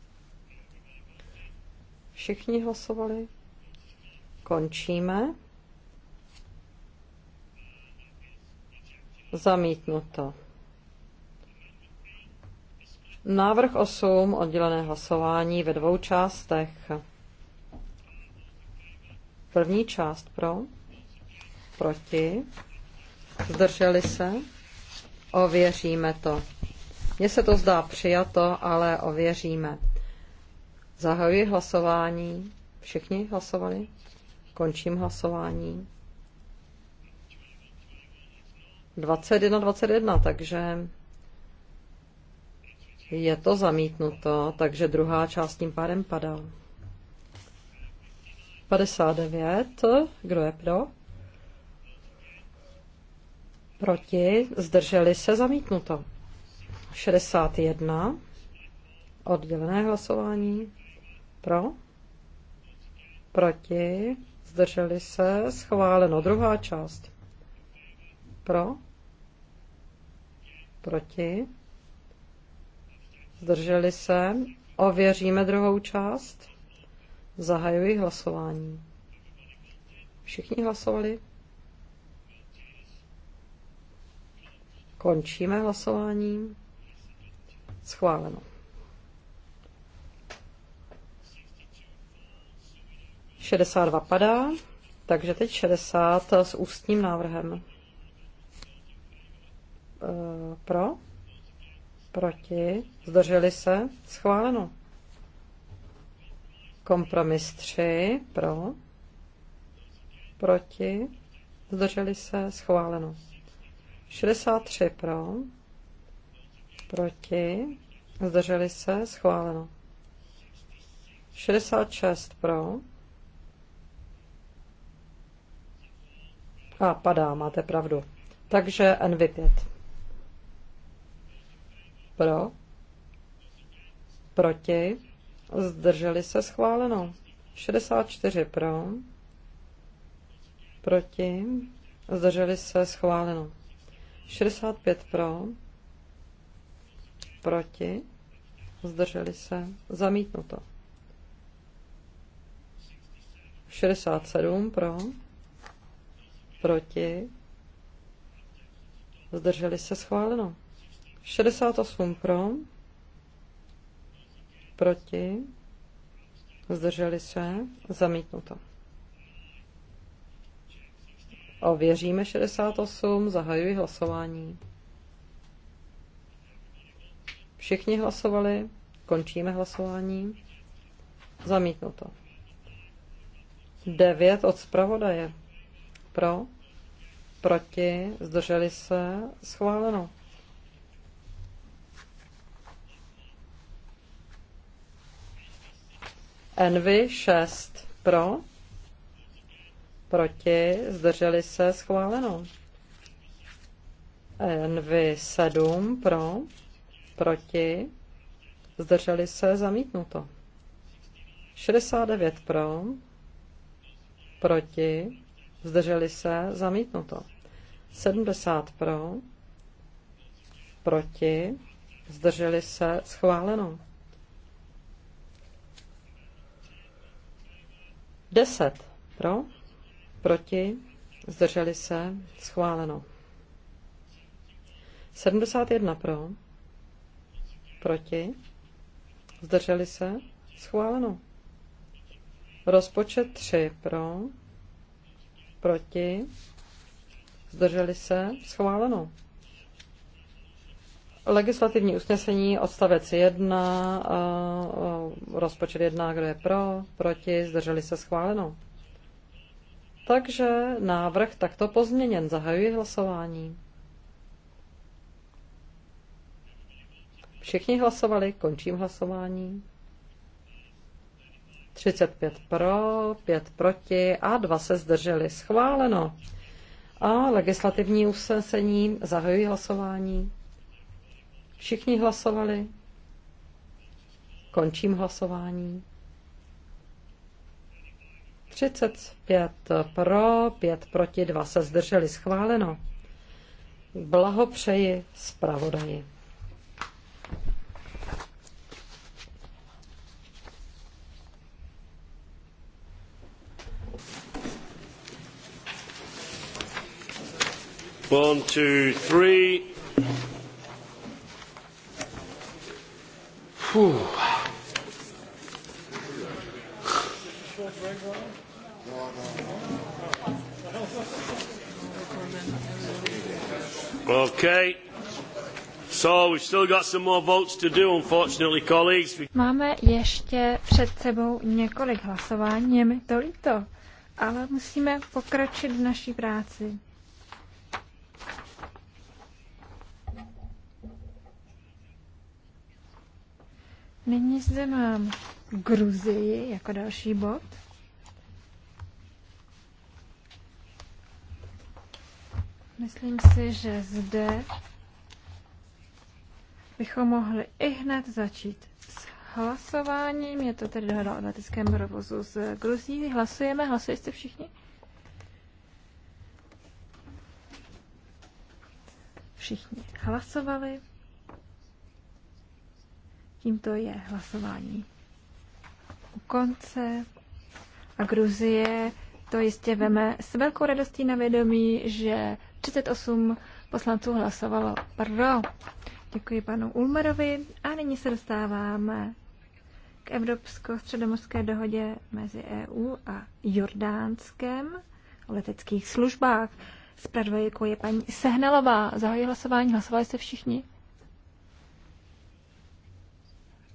Všichni hlasovali? Končíme. Zamítnuto. Návrh 8, oddělené hlasování ve dvou částech. První část pro, proti, zdrželi se, ověříme to. Mně se to zdá přijato, ale ověříme. Zahajuji hlasování. Všichni hlasovali? Končím hlasování. 21, 21, takže je to zamítnuto, takže druhá část tím pádem padá. 59. Kdo je pro? Proti. Zdrželi se zamítnuto. 61. Oddělené hlasování. Pro. Proti. Zdrželi se. Schváleno. Druhá část. Pro. Proti zdrželi se, ověříme druhou část, zahajuji hlasování. Všichni hlasovali? Končíme hlasování. Schváleno. Šedesát dva padá, takže teď 60 s ústním návrhem. Eh, pro? Proti? Zdrželi se? Schváleno. Kompromis 3. Pro. Proti. Zdrželi se? Schváleno. 63 pro. Proti. Zdrželi se? Schváleno. 66 pro. A padá, máte pravdu. Takže NV5. Pro proti, zdrželi se schváleno. 64 pro, proti, zdrželi se schváleno. 65 pro, proti, zdrželi se zamítnuto. 67 pro, proti, zdrželi se schváleno. 68 pro, Proti? Zdrželi se? Zamítnuto. Ověříme 68, zahajuji hlasování. Všichni hlasovali, končíme hlasování. Zamítnuto. 9 od zpravodaje. Pro, proti, zdrželi se, schváleno. Envy 6 pro, proti, zdrželi se, schváleno. Envy 7 pro, proti, zdrželi se, zamítnuto. 69 pro, proti, zdrželi se, zamítnuto. 70 pro, proti, zdrželi se, schváleno. 10 pro, proti, zdrželi se, schváleno. 71 pro, proti, zdrželi se, schváleno. Rozpočet 3 pro, proti, zdrželi se, schváleno. Legislativní usnesení, odstavec 1, rozpočet 1, kdo je pro, proti, zdrželi se schváleno. Takže návrh takto pozměněn. Zahajuji hlasování. Všichni hlasovali, končím hlasování. 35 pro, 5 proti a 2 se zdrželi. Schváleno. A legislativní usnesení, zahajuji hlasování. Všichni hlasovali? Končím hlasování. 35 pro, 5 proti, 2 se zdrželi. Schváleno. Blahopřeji zpravodaji. One, two, three. Okay. So we've still got some more votes to do, unfortunately, colleagues. Máme ještě před sebou několik hlasování, je mi to líto, ale musíme pokročit v naší práci. Nyní zde mám Gruzii jako další bod. Myslím si, že zde bychom mohli i hned začít s hlasováním. Je to tedy dohoda o leteckém provozu z Gruzí. Hlasujeme, hlasujete všichni? Všichni hlasovali. Tímto je hlasování u konce. A Gruzie to jistě veme s velkou radostí na vědomí, že 38 poslanců hlasovalo pro. Děkuji panu Ulmerovi a nyní se dostáváme k Evropsko-středomorské dohodě mezi EU a Jordánskem o leteckých službách. Zpravodajkou je paní Sehnalová. Zahoji hlasování, hlasovali jste všichni?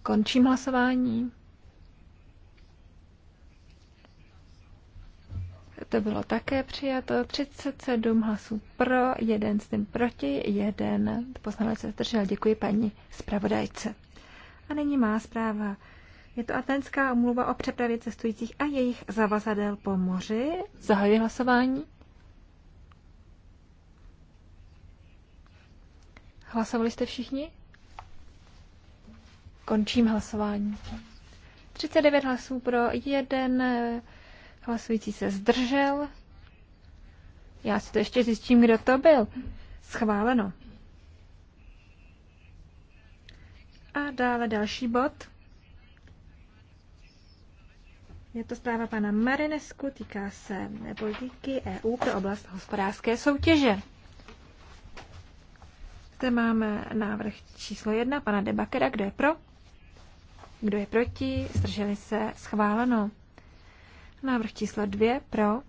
Končím hlasování. To bylo také přijato. 37 hlasů pro, jeden s tím proti, jeden poslanec se zdržel. Děkuji paní zpravodajce. A nyní má zpráva. Je to Atenská omluva o přepravě cestujících a jejich zavazadel po moři. Zahajuji hlasování. Hlasovali jste všichni? Končím hlasování. 39 hlasů pro, jeden eh, hlasující se zdržel. Já si to ještě zjistím, kdo to byl. Schváleno. A dále další bod. Je to zpráva pana Marinesku, týká se politiky EU pro oblast hospodářské soutěže. Zde máme návrh číslo jedna pana Debakera, kdo je pro? Kdo je proti? Zdrželi se? Schváleno. Návrh číslo 2 pro.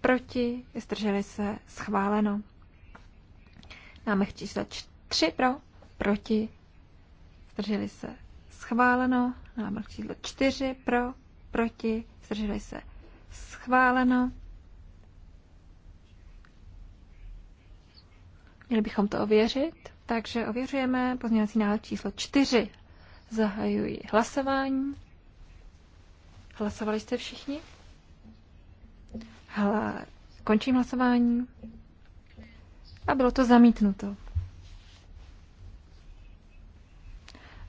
Proti? Zdrželi se? Schváleno. Návrh číslo 3 pro. Proti? Zdrželi se? Schváleno. Návrh číslo 4 pro. Proti? Zdrželi se? Schváleno. Měli bychom to ověřit, takže ověřujeme pozměňovací návrh číslo 4. Zahajuji hlasování. Hlasovali jste všichni? Hla... Končím hlasování. A bylo to zamítnuto.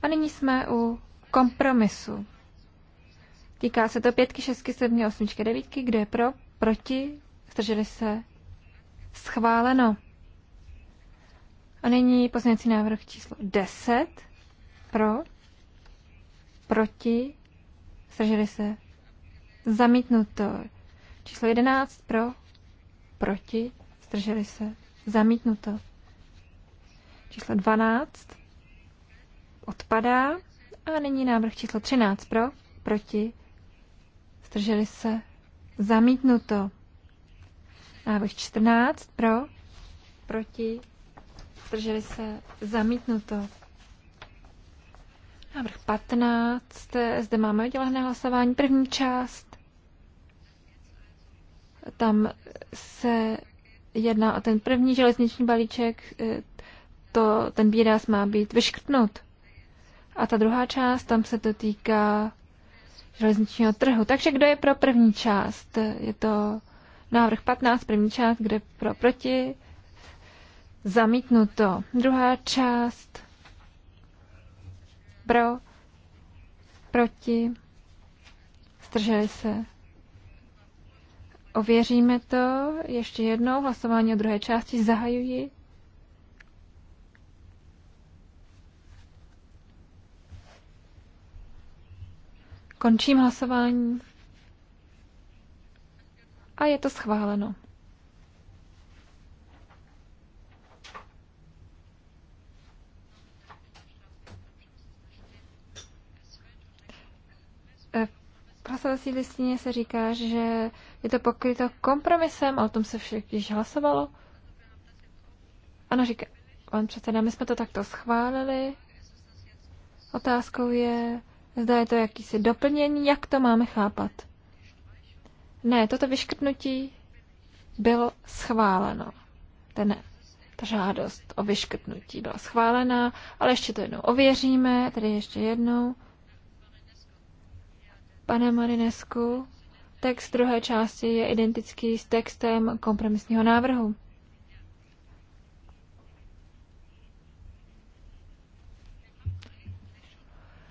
A nyní jsme u kompromisu. Týká se to pětky, šestky, sedmi, osmičky, devítky. Kdo je pro? Proti? Zdrželi se? Schváleno. A nyní poslanecí návrh číslo 10. Pro? proti, zdrželi se, zamítnuto. Číslo 11 pro, proti, zdrželi se, zamítnuto. Číslo 12 odpadá a nyní návrh číslo 13 pro, proti, zdrželi se, zamítnuto. Návrh 14 pro, proti, zdrželi se, zamítnuto. Návrh 15. Zde máme oddělené hlasování. První část. Tam se jedná o ten první železniční balíček. E, to, ten výraz má být vyškrtnut. A ta druhá část, tam se to týká železničního trhu. Takže kdo je pro první část? Je to návrh 15, první část, kde pro proti. Zamítnuto. Druhá část pro, proti, strželi se. Ověříme to ještě jednou. Hlasování o druhé části zahajuji. Končím hlasování. A je to schváleno. hlasovací listině se říká, že je to pokryto kompromisem, a o tom se již hlasovalo. Ano, říká pan předseda, my jsme to takto schválili. Otázkou je, zda je to jakýsi doplnění, jak to máme chápat. Ne, toto vyškrtnutí bylo schváleno. Ten, ta žádost o vyškrtnutí byla schválená, ale ještě to jednou ověříme, tedy ještě jednou. Pane Marinesku, text druhé části je identický s textem kompromisního návrhu.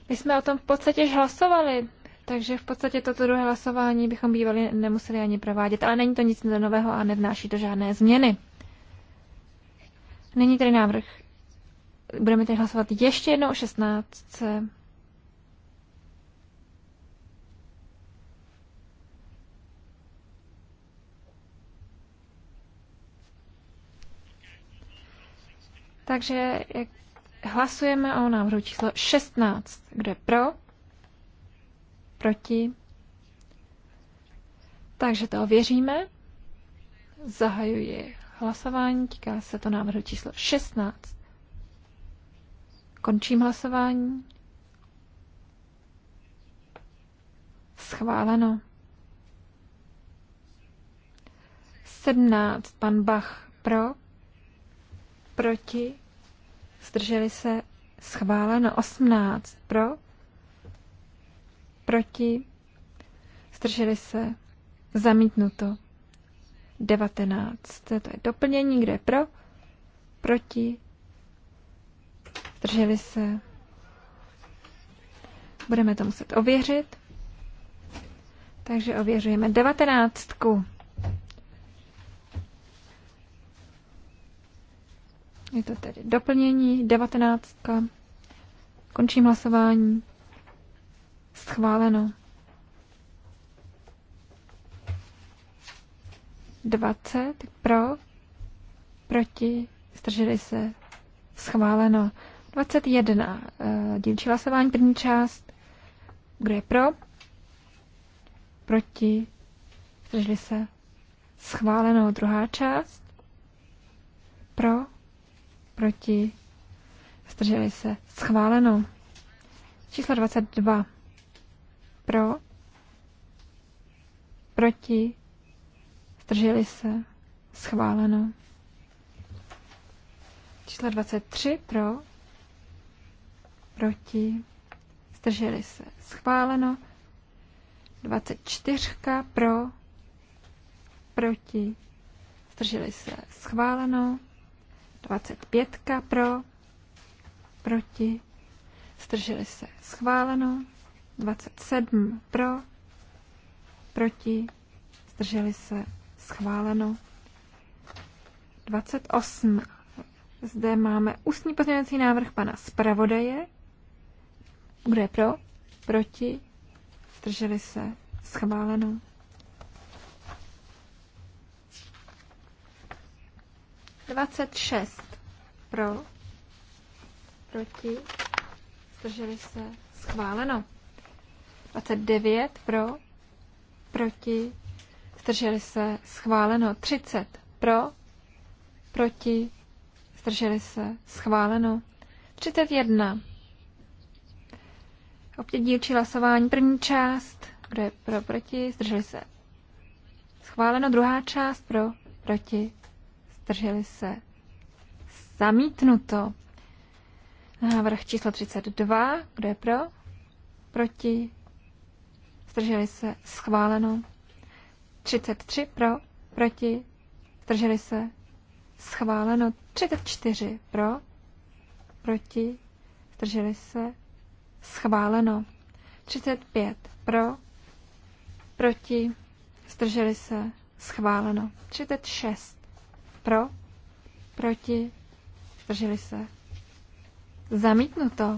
My jsme o tom v podstatě již hlasovali, takže v podstatě toto druhé hlasování bychom bývali nemuseli ani provádět, ale není to nic nového a nevnáší to žádné změny. Není tedy návrh. Budeme tedy hlasovat ještě jednou o 16. Takže hlasujeme o návrhu číslo 16. Kdo je pro? Proti? Takže to ověříme. Zahajuji hlasování. Týká se to návrhu číslo 16. Končím hlasování. Schváleno. 17. Pan Bach pro proti, zdrželi se, schváleno 18 pro, proti, zdrželi se, zamítnuto 19. To je doplnění, kde je pro, proti, zdrželi se, budeme to muset ověřit, takže ověřujeme 19. Je to tedy doplnění, devatenáctka. Končím hlasování. Schváleno. 20 pro, proti, strželi se, schváleno. 21 eh, dílčí hlasování, první část. Kdo je pro? Proti, zdrželi se, schváleno. Druhá část. Pro, proti, zdrželi se, schváleno. Číslo 22, pro, proti, zdrželi se, schváleno. Číslo 23, pro, proti, zdrželi se, schváleno. 24, pro, proti, zdrželi se, schváleno. 25 pro, proti, zdrželi se schváleno, 27 pro, proti, zdrželi se schváleno, 28. Zde máme ústní pozměňovací návrh pana zpravodaje. Kdo je pro? Proti? Zdrželi se schváleno. 26 pro, proti, zdrželi se, schváleno. 29 pro, proti, zdrželi se, schváleno. 30 pro, proti, zdrželi se, schváleno. 31. Opět dílčí hlasování. První část, kdo je pro, proti, zdrželi se. Schváleno. Druhá část, pro, proti, zdrželi se, zamítnuto. Návrh číslo 32, kdo je pro? Proti, zdrželi se, schváleno. 33 pro, proti, zdrželi se, schváleno. 34 pro, proti, zdrželi se, schváleno. 35 pro, proti, zdrželi se, schváleno. 36 pro? Proti? Zdrželi se? Zamítnuto.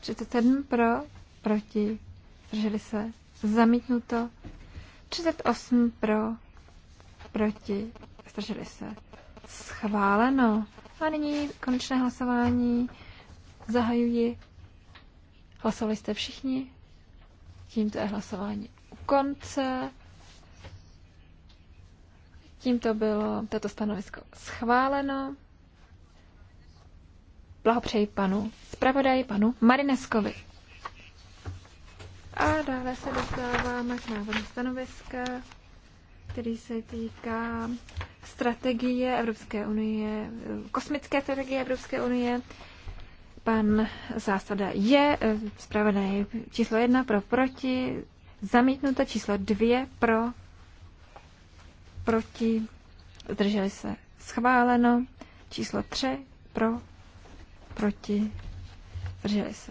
37 pro? Proti? Zdrželi se? Zamítnuto. 38 pro? Proti? Zdrželi se? Schváleno. A nyní konečné hlasování. Zahajuji. Hlasovali jste všichni? Tímto je hlasování u konce. Tímto bylo toto stanovisko schváleno. Blahopřeji panu zpravodaji, panu Marineskovi. A dále se dostáváme k návrhu stanoviska, který se týká strategie Evropské unie, kosmické strategie Evropské unie. Pan zásada je eh, zpravodaj číslo jedna pro proti, zamítnuto číslo dvě pro proti, zdrželi se schváleno, číslo 3 pro, proti, zdrželi se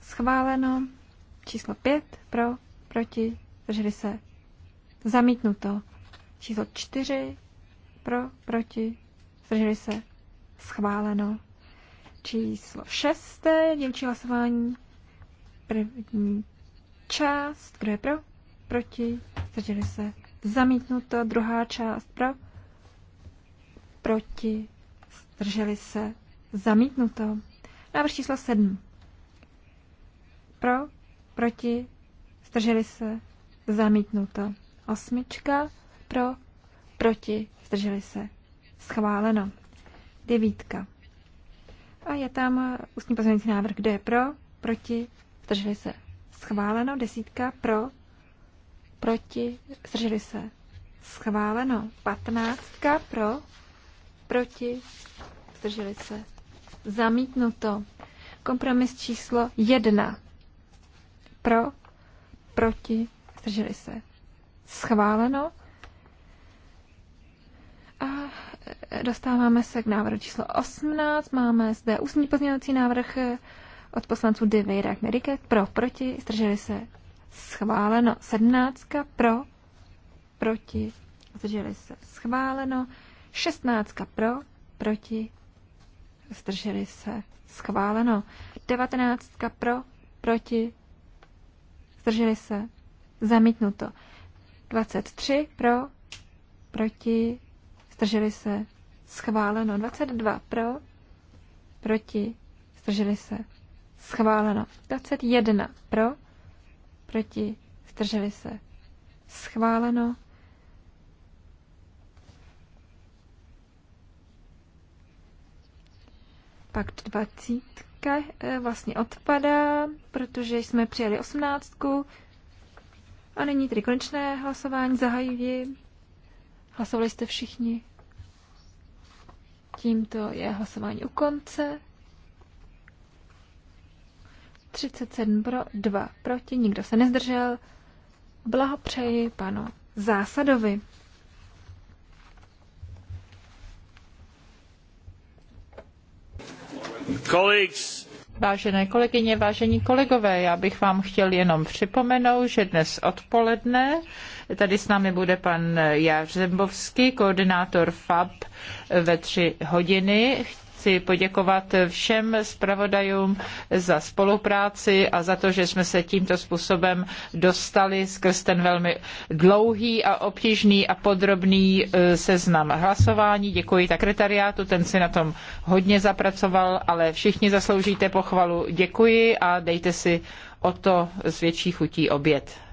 schváleno, číslo 5 pro, proti, zdrželi se zamítnuto, číslo 4 pro, proti, zdrželi se schváleno, číslo 6, dílčí hlasování, první část, kdo je pro, proti, zdrželi se zamítnuta druhá část pro. Proti. Zdrželi se. Zamítnuto. Návrh číslo 7. Pro. Proti. Zdrželi se. Zamítnuto. Osmička. Pro. Proti. Zdrželi se. Schváleno. Devítka. A je tam ústní pozměňující návrh, kde je pro, proti, zdrželi se. Schváleno. Desítka pro, proti, zdrželi se, schváleno. Patnáctka pro, proti, zdrželi se, zamítnuto. Kompromis číslo jedna. Pro, proti, zdrželi se, schváleno. A dostáváme se k návrhu číslo 18. Máme zde ústní pozměňovací návrh od poslanců Divy Ragnerike. Pro, proti, zdrželi se, schváleno. 17 pro, proti, zdrželi se, schváleno. 16 pro, proti, zdrželi se, schváleno. 19 pro, proti, zdrželi se, zamítnuto. 23 pro, proti, zdrželi se, schváleno. 22 pro, proti, zdrželi se, schváleno. 21 pro, proti, zdrželi se, schváleno. Pak dvacítka eh, vlastně odpadá, protože jsme přijali osmnáctku. A nyní tedy konečné hlasování. Zahajuji. Hlasovali jste všichni. Tímto je hlasování u konce. 37 pro, 2 proti, nikdo se nezdržel. Blahopřeji panu Zásadovi. Colleagues. Vážené kolegyně, vážení kolegové, já bych vám chtěl jenom připomenout, že dnes odpoledne tady s námi bude pan Jař Zembovský, koordinátor FAB ve tři hodiny chci poděkovat všem zpravodajům za spolupráci a za to, že jsme se tímto způsobem dostali skrz ten velmi dlouhý a obtížný a podrobný e, seznam hlasování. Děkuji sekretariátu, ten si na tom hodně zapracoval, ale všichni zasloužíte pochvalu. Děkuji a dejte si o to s větší chutí oběd.